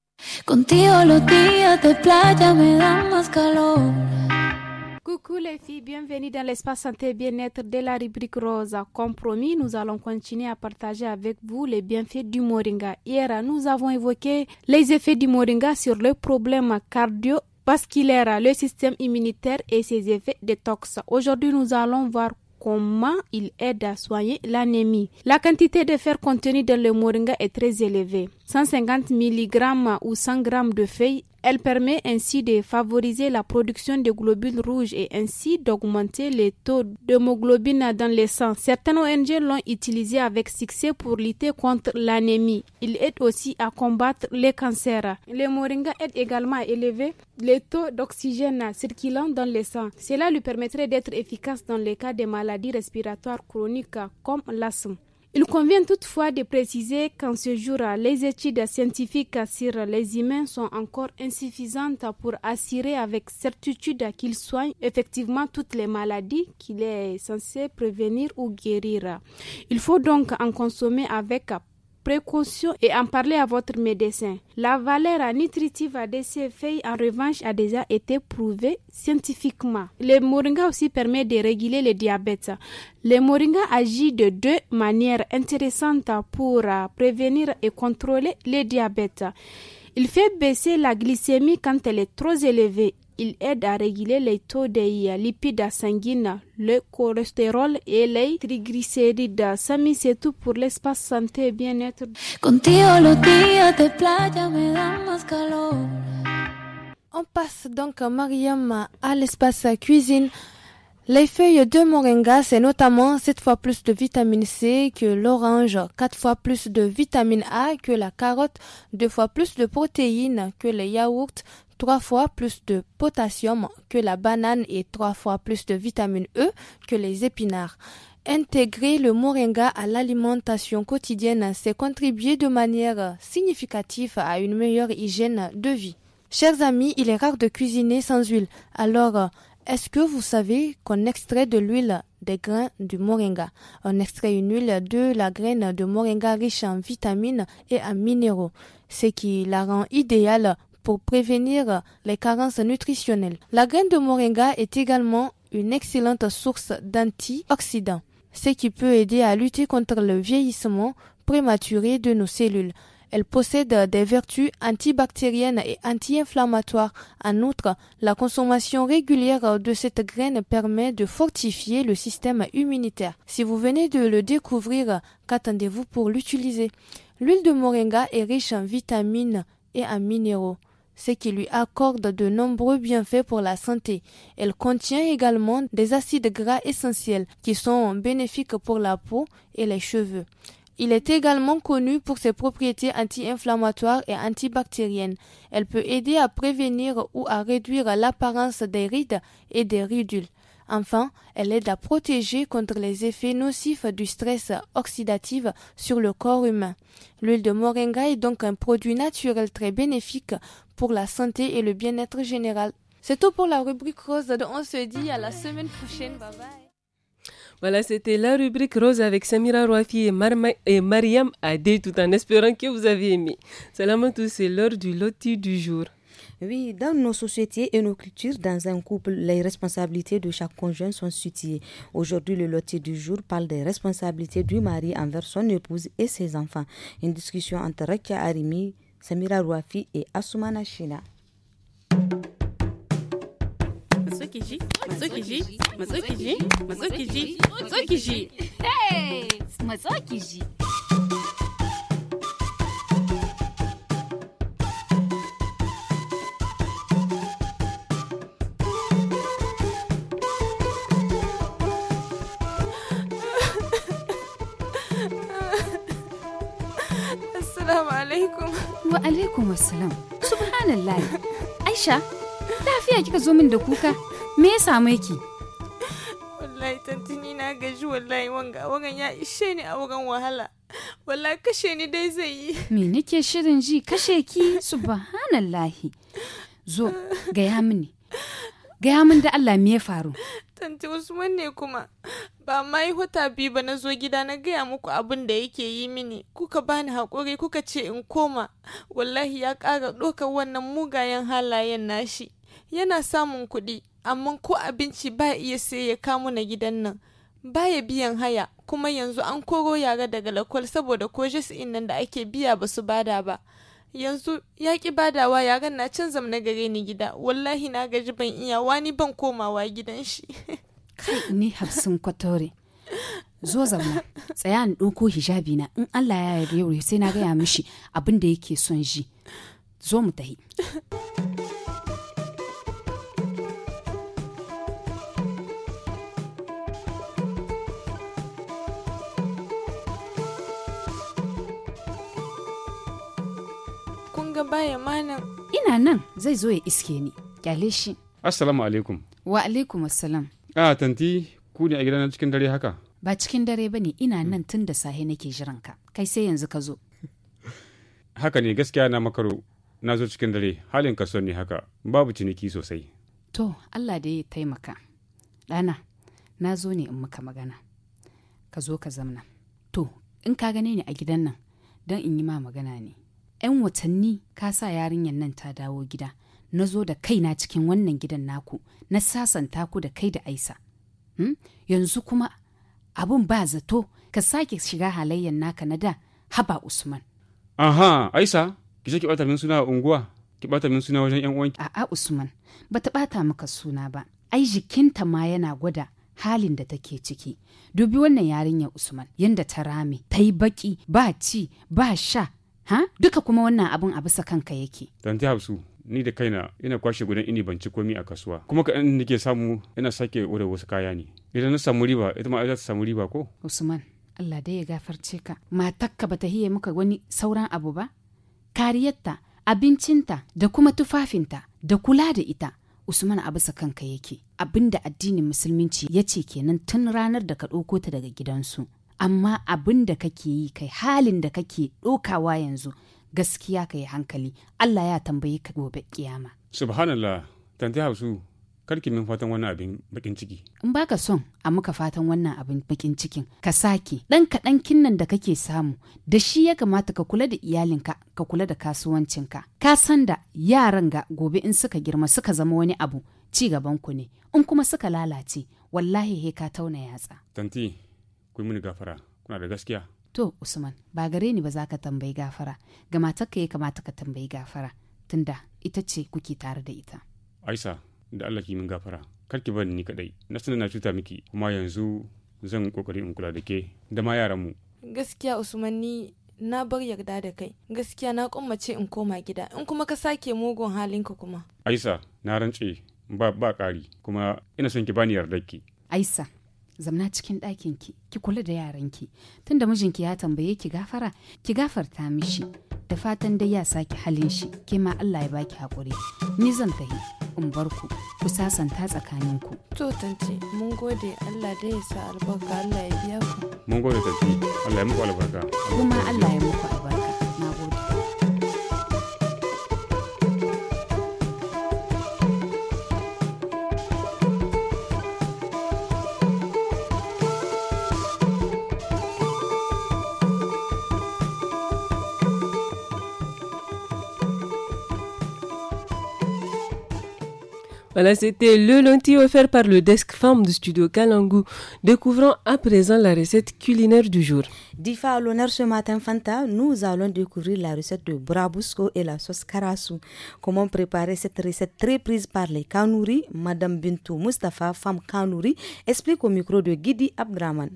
Contigo de playa me más Coucou les filles, bienvenue dans l'espace santé et bien-être de la rubrique rose. Compromis. nous allons continuer à partager avec vous les bienfaits du moringa. Hier, nous avons évoqué les effets du moringa sur le problème cardio le système immunitaire et ses effets détox. Aujourd'hui, nous allons voir comment il aide à soigner l'anémie. La quantité de fer contenue dans le moringa est très élevée. 150 mg ou 100 g de feuilles elle permet ainsi de favoriser la production de globules rouges et ainsi d'augmenter les taux d'hémoglobine dans le sang. Certaines ONG l'ont utilisé avec succès pour lutter contre l'anémie. Il aide aussi à combattre les cancers. Le moringa aide également à élever les taux d'oxygène circulant dans le sang. Cela lui permettrait d'être efficace dans les cas de maladies respiratoires chroniques comme l'asthme. Il convient toutefois de préciser qu'en ce jour, les études scientifiques sur les humains sont encore insuffisantes pour assurer avec certitude qu'ils soignent effectivement toutes les maladies qu'il est censé prévenir ou guérir. Il faut donc en consommer avec précaution et en parler à votre médecin. La valeur nutritive de ces feuilles, en revanche, a déjà été prouvée scientifiquement. Le moringa aussi permet de réguler le diabète. Le moringa agit de deux manières intéressantes pour euh, prévenir et contrôler le diabète. Il fait baisser la glycémie quand elle est trop élevée il aide à réguler les taux des lipides sanguines, le cholestérol et les triglycérides. Samy, c'est tout pour l'espace santé et bien-être. On passe donc à Mariam à l'espace cuisine. Les feuilles de moringa, c'est notamment 7 fois plus de vitamine C que l'orange, 4 fois plus de vitamine A que la carotte, 2 fois plus de protéines que les yaourts, trois fois plus de potassium que la banane et trois fois plus de vitamine E que les épinards. Intégrer le moringa à l'alimentation quotidienne, c'est contribuer de manière significative à une meilleure hygiène de vie. Chers amis, il est rare de cuisiner sans huile. Alors, est-ce que vous savez qu'on extrait de l'huile des grains du moringa On extrait une huile de la graine de moringa riche en vitamines et en minéraux, ce qui la rend idéale pour prévenir les carences nutritionnelles. La graine de moringa est également une excellente source d'antioxydants, ce qui peut aider à lutter contre le vieillissement prématuré de nos cellules. Elle possède des vertus antibactériennes et anti-inflammatoires. En outre, la consommation régulière de cette graine permet de fortifier le système immunitaire. Si vous venez de le découvrir, qu'attendez-vous pour l'utiliser L'huile de moringa est riche en vitamines et en minéraux ce qui lui accorde de nombreux bienfaits pour la santé. Elle contient également des acides gras essentiels qui sont bénéfiques pour la peau et les cheveux. Il est également connu pour ses propriétés anti-inflammatoires et antibactériennes. Elle peut aider à prévenir ou à réduire l'apparence des rides et des ridules. Enfin, elle aide à protéger contre les effets nocifs du stress oxydatif sur le corps humain. L'huile de moringa est donc un produit naturel très bénéfique pour la santé et le bien-être général. C'est tout pour la rubrique rose. On se dit à la semaine prochaine. Voilà, c'était la rubrique rose avec Samira Rouafi et, et Mariam Adé, tout en espérant que vous avez aimé. Salam à tous, c'est l'heure du loti du jour. Oui, dans nos sociétés et nos cultures, dans un couple, les responsabilités de chaque conjoint sont situées. Aujourd'hui, le loti du jour parle des responsabilités du mari envers son épouse et ses enfants. Une discussion entre Rekia Arimi, Samira ruafi e Asumana Shina. Matsukiji, Hey! wa alaikum assalam. Subhanallah. Aisha, lafiya kika zo min da kuka? Me ya samu yake? Wallahi tantini na gaji wallahi wanga wagan ya ishe ni a wagan wahala. Wallahi kashe ni dai zai yi. Me nake shirin ji kashe ki? subhanallah Zo, gaya mini. Gaya min da Allah me ya faru? Tanti wasu wanne kuma. ba mai wata biyu ba na zo gida na gaya muku abin da yake yi mini kuka bani hakuri kuka ce in koma wallahi ya ƙara ɗaukar wannan mugayen halayen nashi yana samun kuɗi amma ko abinci ba iya sai ya kamu na gidan nan baya biyan haya kuma yanzu an koro yara daga lakwal saboda ko in nan da ake biya ba su bada ba yanzu ya ki badawa yaran na can zamna gare ni gida wallahi na gaji ban iya wani ban komawa gidan shi *laughs* kai ni hafsin kwatori zo zauna tsaya in ɗauko hijabi na in Allah ya yarda yau sai na gaya mishi abin da yake son ji zo mu tahi kun ga baya manan ina nan zai zo ya iske ni kyale shi assalamu alaikum wa alaikum assalam a tanti ku ne a gidana cikin dare haka ba cikin dare ba ne ina hmm. nan tun da sahe nake jiran ka kai sai yanzu ka zo *laughs* haka ne gaskiya na makaro na zo cikin dare halin ka son ne haka babu ciniki sosai to allah da ya taimaka ɗana na zo ne in maka magana ka zo ka zamna to in ka gane ni a gidan nan don in yi ma magana ne 'yan watanni ka sa yarinyar nan ta dawo gida na zo da kaina cikin wannan gidan naku na sasanta ku da kai da aisa hmm? yanzu kuma abun ba zato ka sake shiga halayyar naka na da haba usman aha aisa ki ki bata min suna unguwa ki bata min suna wajen yan uwanki a'a usman bata bata maka suna ba ai jikinta ma yana gwada halin da take ciki dubi wannan yarinyar usman yanda ta rame ta yi baki ba ci ba sha ha duka kuma wannan abun a bisa kanka yake ni da kaina ina kwashe gudan ini ban ci komi a kasuwa kuma kaɗan nake samu ina sake wadda wasu kaya ne idan na samu riba ita ma za ta samu riba ko usman allah dai ya gafarce ka matakka bata hiye muka wani sauran abu ba kariyarta abincinta da kuma tufafinta da kula da ita usman a bisa kanka yake abinda addinin musulminci ya ce kenan tun ranar da ka ɗauko ta daga gidansu amma abin da kake yi kai halin da kake ɗokawa yanzu gaskiya ka yi hankali Allah ya tambayi ka gobe kiyama subhanallah tanti hausu karki min fatan wannan abin bakin ciki in baka son a muka fatan wannan abin bakin cikin ka sake dan kaɗan kinnan da kake samu da shi ya kamata ka kula da iyalinka ka kula da kasuwancinka ka san da yaran ga gobe in suka girma suka zama wani abu ci gaban ku ne in kuma suka lalace wallahi he ka tauna yatsa tanti ku mini gafara kuna da gaskiya To Usman, ba gare ni ba za ka tambayi gafara, ga matarka ya kamata ka tambayi gafara, tunda ita ce kuke tare da ita. Aisha, da Allah ki min gafara, kar ki bani ni kadai, na sanar na cuta miki, kuma yanzu zan kokari in kula da ke da ma yaranmu. Gaskiya Usman ni na bar yarda da kai, gaskiya na kummace in koma gida, in kuma ka sake mugun halinka kuma. Aisha, na rance ba ba ƙari, kuma ina son ki bani yardar ki. Aisha, zamna cikin ɗakin ki ki kula da yaran ki tunda mijinki ya tambaye ki gafara ki gafarta mishi da fatan dai ya saki halin shi ke ma Allah ya baki hakuri ni zan tahi in bar ku ku sasanta tsakanin ku to tance mun gode Allah dai ya sa albarka Allah ya biya ku mun gode tance Allah ya muku albarka kuma Allah ya muku albarka Voilà, c'était le lentille offert par le desk femme du studio Kalangu. Découvrons à présent la recette culinaire du jour. Difa à l'honneur ce matin, Fanta, nous allons découvrir la recette de Brabusco et la sauce Karasu. Comment préparer cette recette très prise par les Kanouri Madame Bintou Mustafa, femme Kanouri, explique au micro de Gidi Abdraman.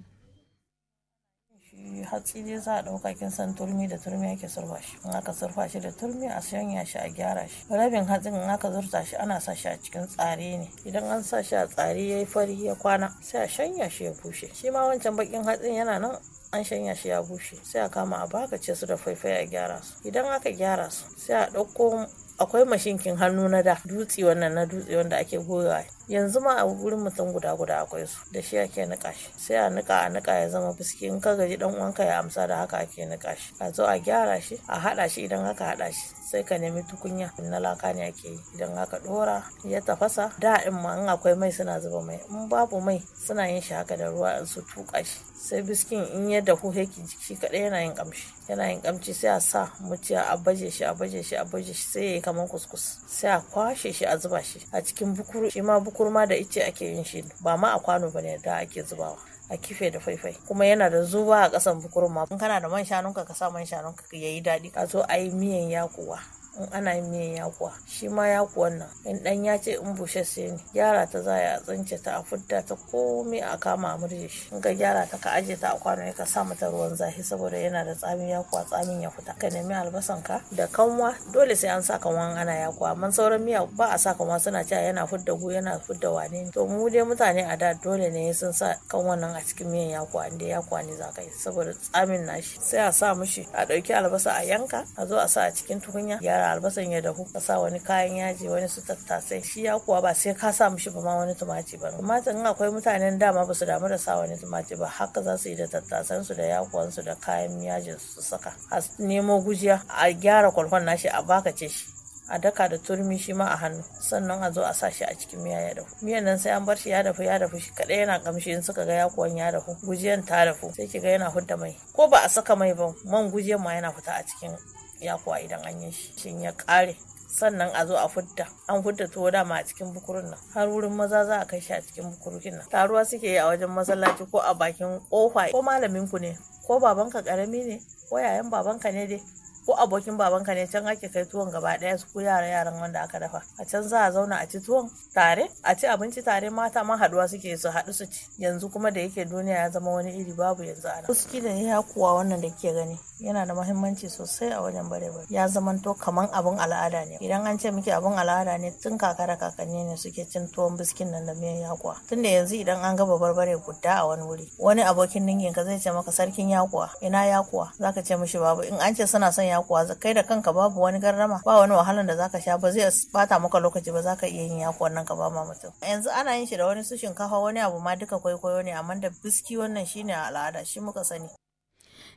biyu hatsi dai za a ɗauka kin san turmi da turmi ake surfa shi in aka surfa shi da turmi a sanya shi a gyara shi rabin hatsin in aka zurta shi ana sa shi a cikin tsare ne idan an sa shi a tsare yi fari ya kwana sai a shanya shi ya bushe shi ma wancan bakin hatsin yana nan an shanya shi ya bushe sai a kama a baka ce su da faifai a gyara su idan aka gyara su sai a ɗauko akwai mashinkin hannu na da dutse wannan na dutse wanda ake goyawa yanzu ma a gurin mutum guda guda akwai su da shi ake nika shi sai a nika a nika ya zama biski in ka gaji dan uwanka ya amsa da haka ake nika shi a zo a gyara shi a hada shi idan haka hada shi sai ka nemi tukunya na laka ne ake yi idan haka dora ya tafasa da in ma in akwai mai suna zuba mai in babu mai suna yin shi haka da ruwa in su tuka shi sai biskin in ya dahu haiki jiki kaɗai yana yin kamshi yana yin kamshi sai a sa mutiya a baje shi a baje shi a baje shi sai yayi kamar kuskus sai a kwashe shi a zuba shi a cikin bukuru shi ma bukuru ma da ice ake yin shi ba ma a kwano bane da ake zubawa a kife da faifai kuma yana da zuba a kasan bukuru ma in kana da man shanunka ka sa man shanunka yayi daɗi ka zo a yi miyan yakuwa in ana miyan yakuwa shi ma yakuwan nan in dan ya ce in bushe sai ne gyara ta za ya tsince ta a fudda ta komai a kama a murje shi in ka gyara ta ka aje ta a kwano ka sa mata ruwan zafi saboda yana da tsamin yakuwa tsamin ya fita ka nemi albasan ka da kanwa dole sai an sa kanwan ana yakuwa Man sauran miya ba a sa kanwa suna cewa yana fudda gu yana fudda wane to mu dai mutane a da dole ne sun sa kanwan nan a cikin miyan yakuwa inda yakuwa ne za ka yi saboda tsamin nashi sai a sa mushi, a ɗauki albasa a yanka a zo a sa a cikin tukunya gyara Da albasan ya dahu ka sa wani kayan yaji wani su tattasai shi ya kuwa ba sai ka sa mishi ba ma wani tumaci ba tumatin in akwai mutanen dama ba su damu da sa wani tumaci ba haka za su yi da tattasan su da yakuwan su da kayan yajin su saka a nemo gujiya a gyara kwalkwan nashi a bakace shi a daka da turmi shi ma a hannu sannan a zo a sa shi a cikin miya ya dafu miyan nan sai an bar shi ya dafu ya dafu shi kadai yana kamshi in suka ga yakuwan ya dafu gujiyan ta dafu sai ki ga yana hudda mai ko ba a saka mai ba man gujiyan ma yana fita a cikin ya kuwa idan an yi shi shin ya kare sannan a zo a fudda an fudda tuwo dama a cikin bukurun nan har wurin maza za a kai shi a cikin bukurukin nan taruwa suke yi a wajen masallaci ko a bakin kofa ko malamin ku ne ko babanka karami ne ko yayan babanka ne dai ko abokin babanka ne can ake kai tuwon gaba ɗaya su yara yaran wanda aka dafa a can za a zauna a ci tuwon tare a ci abinci tare mata ma haɗuwa suke su haɗu su ci yanzu kuma da yake duniya ya zama wani iri babu yanzu ana kuski da ya kuwa wannan da ke gani yana da mahimmanci sosai a wajen bare bare ya zamanto kaman abin al'ada ne idan an ce miki abin al'ada ne tun kaka da kakanni ne suke cin tuwon biskin nan da miyan yakuwa da yanzu idan an gaba barbare guda a wani wuri wani abokin dangin ka zai ce maka sarkin yakuwa ina yakuwa zaka ce mishi babu in an ce suna son ya kuwa kai da kanka babu wani garrama ba wani wahalan da zaka sha ba zai bata maka lokaci ba zaka iya yin yakuwan nan ka ba ma mutum yanzu ana yin shi da wani su shinkafa wani abu ma duka kwaikwayo ne amma da biski wannan shine al'ada shi muka sani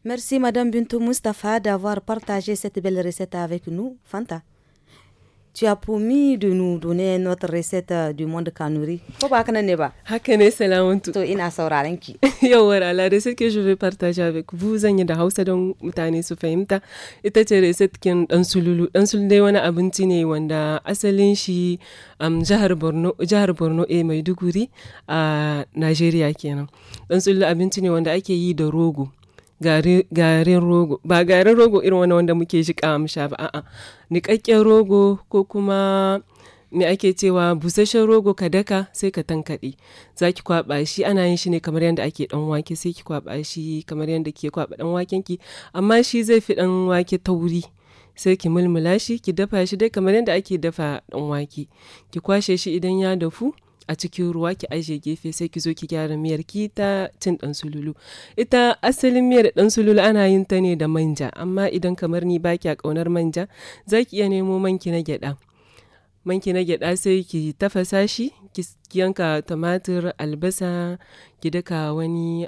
Merci Madame Bintou Mustafa d'avoir partagé cette belle recette avec nous. Fanta. tu as promis de nous donner notre recette euh, du monde kanuri. *laughs* La recette que je vais partager avec vous, c'est une da qui mutane une recette qui dan sululu. Dan sululu wanda asalin um, e a Nigeria kenan. Dan abinci wanda garin rogo ba garin rogo irin wani wanda muke jiƙa musha ba a'a niƙaƙƙen rogo ko kuma me ake cewa busasshen rogo ka daka sai ka tankaɗe za ki kwaɓa shi ana yin shi ne kamar yadda ake ɗan wake sai ki kwaɓa shi kamar yadda ke kwaɓa ɗan waken ki amma shi zai fi ɗan wake tauri sai ki mulmula shi ki dafa shi dai kamar yadda ake dafa ɗan wake ki kwashe shi idan ya dafu a cikin ruwa ki aje gefe sai ki zo ki gyara miyar ki ta cin dan sululu ita asalin miyar dan sululu ana yin ta ne da manja amma idan kamar ni ba ki kaunar manja za ki iya nemo manki na gyada manki na gyada sai ki tafasa shi ki yanka tumatir albasa ki daka wani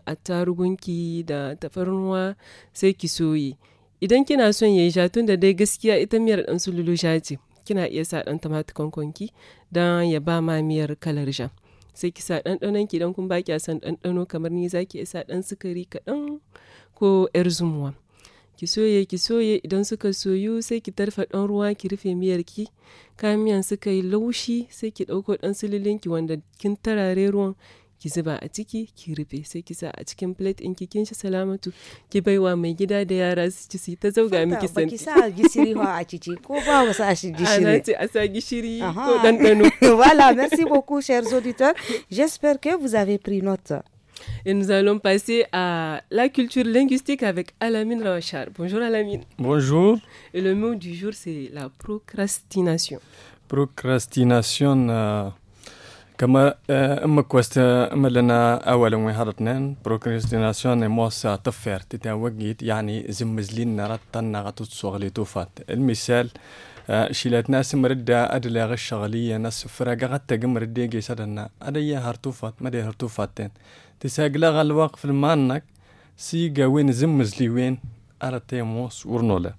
ki da tafarnuwa sai ki soye idan kina son yayi ja tun da dai gaskiya ita miyar dan sululu sha ce kina iya sa ɗan tumatir kwankwanki don ya ba ma miyar kalar ja. sai ki sa ɗanɗanon ki don kun ba a san ɗanɗano kamar ni za ki iya sa ɗan sukari kaɗan ko yar zumuwa ki soye ki soye idan suka soyu sai ki tarfa ɗan ruwa ki rufe miyar ki kayan miyan suka yi laushi sai ki ɗauko ɗan sululin wanda kin tarare ruwan ki zuba a ciki ki rufe sai ki sa a cikin plate in kin shi salamatu ki baiwa mai gida da yara su ci su ta zauga miki san ki sa gishiri a cici ko ba wa sa shi *laughs* gishiri ana ce a sa gishiri ko dandano *laughs* voilà merci beaucoup chers auditeurs j'espère que vous avez pris note Et nous allons passer à la culture linguistique avec Alamine Rawachar. Bonjour Alamine. Bonjour. Et le mot du jour, c'est la procrastination. Procrastination, euh, كما آه، اما كوست اما لنا اولا اثنين بروكريستيناسيون موسى تفير تتوجد يعني زمزلين رطنا غطوت صغلي توفات المثال آه، شيلات ناس مردة أدلا غشغلية ناس فراقة غتا قم ردي جي سرنا أديا هرتوفات ما دي هرتوفاتين تساقلا غالواق في المانك سيقا وين زمزلي وين أرتي موس ورنولا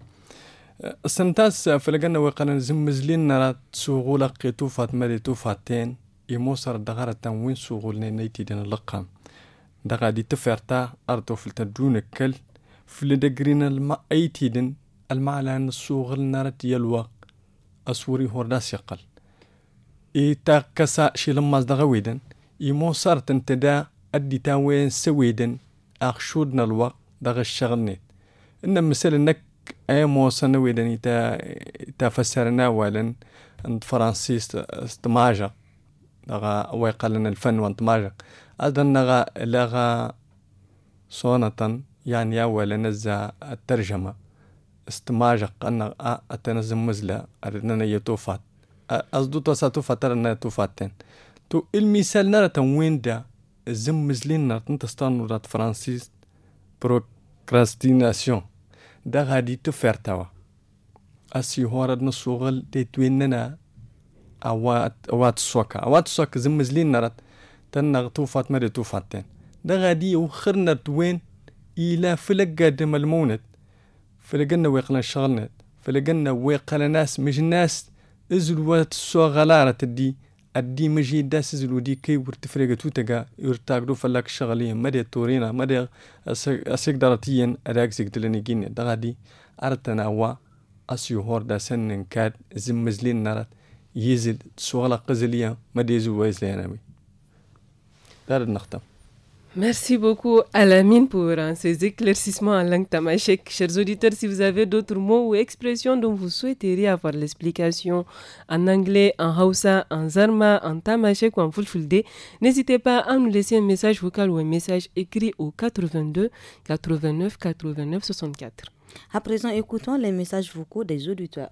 السنتاس آه، فلقنا لقنا وقنا زمزلين نرى تسوغو لقي توفات ما دي توفاتين imosar dagaratan wensughulnenaytiden laqam dagadi teferta ardo filtadunakkal filadagrin alma aytiden almalan sughilnarat yalwa asuri hordas yaqal ita kasa shilammas dagawidan imosartan tada addita wen sawidan aqshudna alwa daga shaghlnet إن مثلا إنك أي موصلنا ويدن إتا إتا فسرنا ولن فرانسيس استماجة لغا ويقلن الفن وانتمارق أدن لغا لغا صونة يعني أول نزا الترجمة استماجق أن أتنزم مزلة أردنا يتوفات أصدو تسا توفات أردنا يتوفاتين تو المثال نرى وين دا زم مزلين نرى تنتستان رات فرانسيس بروكراستيناسيون دا غادي أسي هو أسي هورد دي تتويننا اوات اوات سوكا اوات سوكا زم زلين نرت تنغ توفات مري توفاتين ده غادي نرت وين الى فلق قدم المونت فلقنا ويقنا الشغل نت فلقنا ويقنا ناس مش ناس ازلوات سو غلارة دي أدي مجي داس زلو دي كي ورتفرق توتغا يرتاقلو فلق شغلية مري تورينا مري أسيق دارتين أراك زيق دلني جيني دغادي أرتنا وا أسيو هور داسنن سنن كاد زمزلين نرات merci beaucoup à la mine Merci beaucoup Alamine pour euh, ces éclaircissements en langue tamashek. Chers auditeurs, si vous avez d'autres mots ou expressions dont vous souhaiteriez avoir l'explication en anglais, en hausa, en zarma, en tamashek ou en fulfulde, n'hésitez pas à nous laisser un message vocal ou un message écrit au 82 89 89 64. À présent, écoutons les messages vocaux des auditeurs.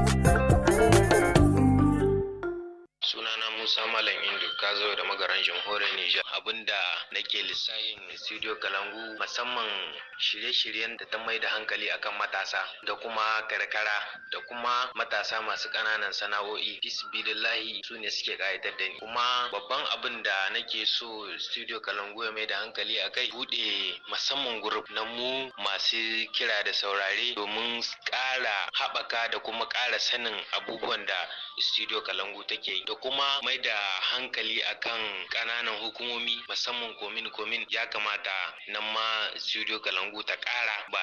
da nake lissafin studio kalangu musamman shirye-shiryen da ta mai da hankali akan matasa da kuma karkara da kuma matasa masu ƙananan sana'o'i bisbillahi su ne suke ƙayatar da ni kuma babban abin da nake so studio kalangu ya mai da hankali a kai buɗe musamman gurup na mu masu kira da saurare domin ƙara haɓaka da kuma ƙara sanin abubuwan da studio kalangu take yi da kuma mai da hankali akan kananan hukumomi musamman komin komin ya kamata nan ma studio kalangu ta kara ba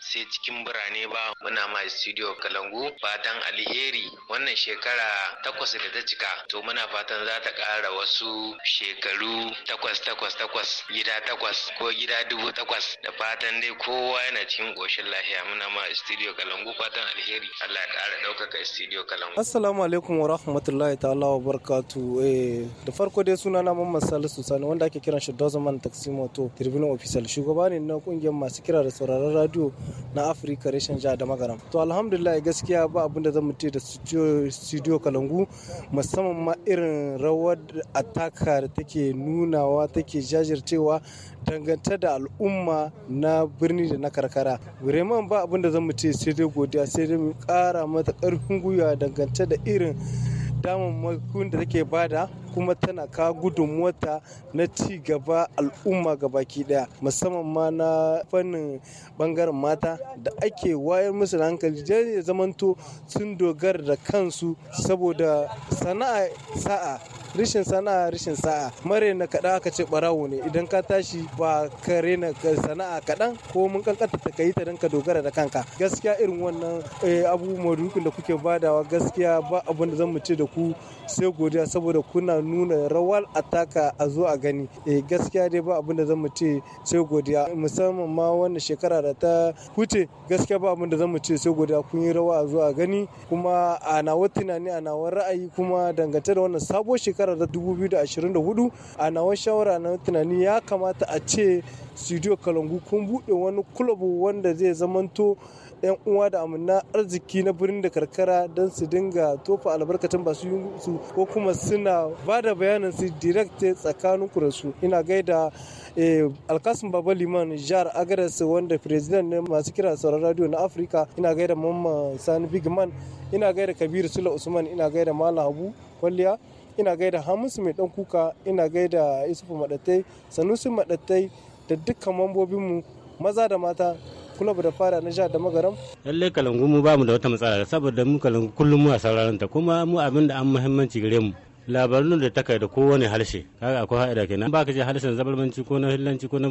sai cikin birane ba muna ma studio kalangu fatan alheri wannan shekara takwas da ta cika to muna fatan za ta kara wasu shekaru takwas takwas takwas gida takwas ko gida dubu takwas da fatan dai kowa yana cikin ƙoshin lahiya muna ma studio kalangu fatan alheri allah ya kara ɗaukaka studio kalangu Assalamu alaikum wa rahmatullahi ta'ala wa barkatu. Eh, da farko dai suna na Mamman Salisu Sani wanda ake kiran shi dozman Taxi Moto Tribune Official. Shugaba ne na kungiyar masu kira da sauraron radio na afirka reshen jihar da magaram to alhamdulillah gaskiya ba abin da zan ce da studio kalangu musamman ma irin rawar ataka da take nunawa take jajircewa danganta da al'umma na birni da na karkara bireman ba abin da zan ce sai dai godiya sai dai mu kara mata karfin gwiwa dangance da irin damammakin da take bada kuma tana ka gudun mota na ci gaba al'umma baki daya musamman ma na fannin bangaren mata da ake wayar musu da hankali da zamanto sun dogara da kansu saboda sana'a sa'a rishin sana'a rishin sa'a mare na kaɗan aka ce ɓarawo ne idan ka tashi ba ka rena sana'a kaɗan ko mun kankanta ta kayi ta don ka dogara da kanka gaskiya irin wannan eh, abubuwan dukkan da kuke badawa gaskiya ba abin da zan mu ce da ku sai godiya saboda kuna nuna rawar ataka a zo a gani eh, gaskiya dai ba abin da zan mu ce sai godiya musamman ma wannan shekara da ta huce gaskiya ba abin da zan mu ce sai godiya kun yi rawa a zo a gani kuma a nawa tunani a nawa ra'ayi kuma dangantar da wannan sabuwar shekara shekarar 2024 a nawa shawara na tunani ya kamata a ce studio kalangu kun buɗe wani kulub wanda zai zamanto 'yan uwa da amina arziki na birnin da karkara don su dinga tofa albarkatun ba su yi su ko kuma suna ba da bayanin su direct tsakanin ku da ina gaida eh, alkasim baba liman jihar agaras wanda president ne masu kira sauran radio na afirka ina gaida mamman sani bigman ina gaida kabiru sula usman ina gaida malam habu kwalliya ina gaida hamisu mai dan kuka ina gaida isufu madattai sanusi madattai da dukkan mambobinmu maza da mata kulab da fara na jihar da magaram lallai kalangu mu bamu da wata matsala saboda mu kalangu kullum mu sauraron ta kuma mu abin da an muhimmanci gare mu labarin da ta kai da kowane harshe kaga akwai haɗa kenan ba ka je harshen zabarmanci ko na hillanci ko na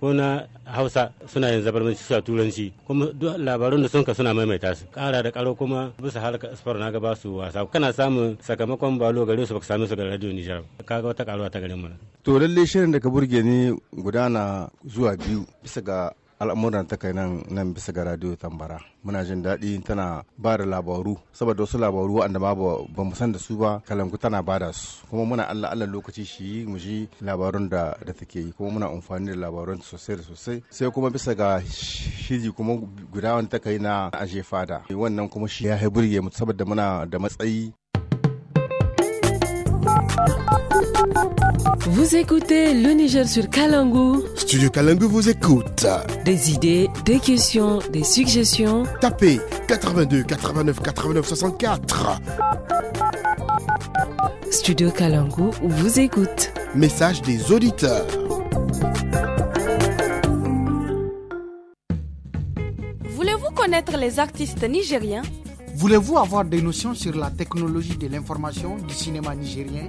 ko na hausa suna yin zabarmanci suna turanci kuma duk labarin da sun ka suna maimaita su ƙara da ƙaro kuma bisa harkar sport na ba su wasa kana samun sakamakon balo gare su baka same su ga radio Nijar kaga wata ƙaruwa ta garin mu to lalle shirin da ka burge ni gudana zuwa biyu bisa ga al'amuran ta kai nan nan bisa ga radio tambara muna jin daɗi tana ba da labaru saboda wasu labaru wanda ma ba mu san da su ba kalanku tana ba da su kuma muna allah allah lokaci shi mu ji labarun da da take yi kuma muna amfani da labarun sosai da sosai sai kuma bisa ga shiri kuma guda wani ta kai na aje fada wannan kuma shi ya haiburge mu saboda muna da matsayi Vous écoutez le Niger sur Kalangu. Studio Kalangu vous écoute. Des idées, des questions, des suggestions. Tapez 82 89 89 64. Studio Kalangu vous écoute. Message des auditeurs. Voulez-vous connaître les artistes nigériens Voulez-vous avoir des notions sur la technologie de l'information du cinéma nigérien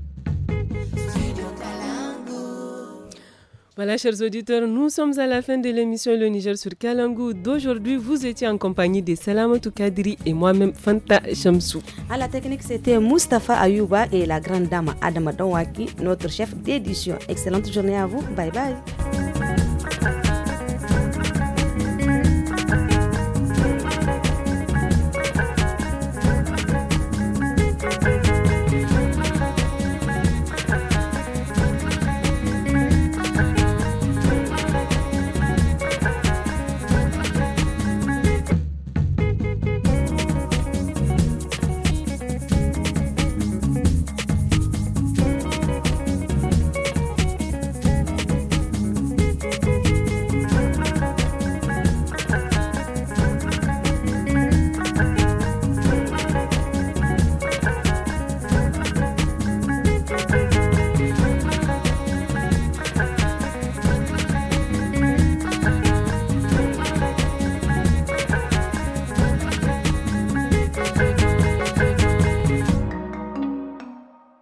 Voilà, chers auditeurs, nous sommes à la fin de l'émission Le Niger sur Kalangou. D'aujourd'hui, vous étiez en compagnie de Salamatou Kadri et moi-même, Fanta Chamsou. À la technique, c'était Mustapha Ayouba et la grande dame Adama Donwaki, notre chef d'édition. Excellente journée à vous. Bye bye.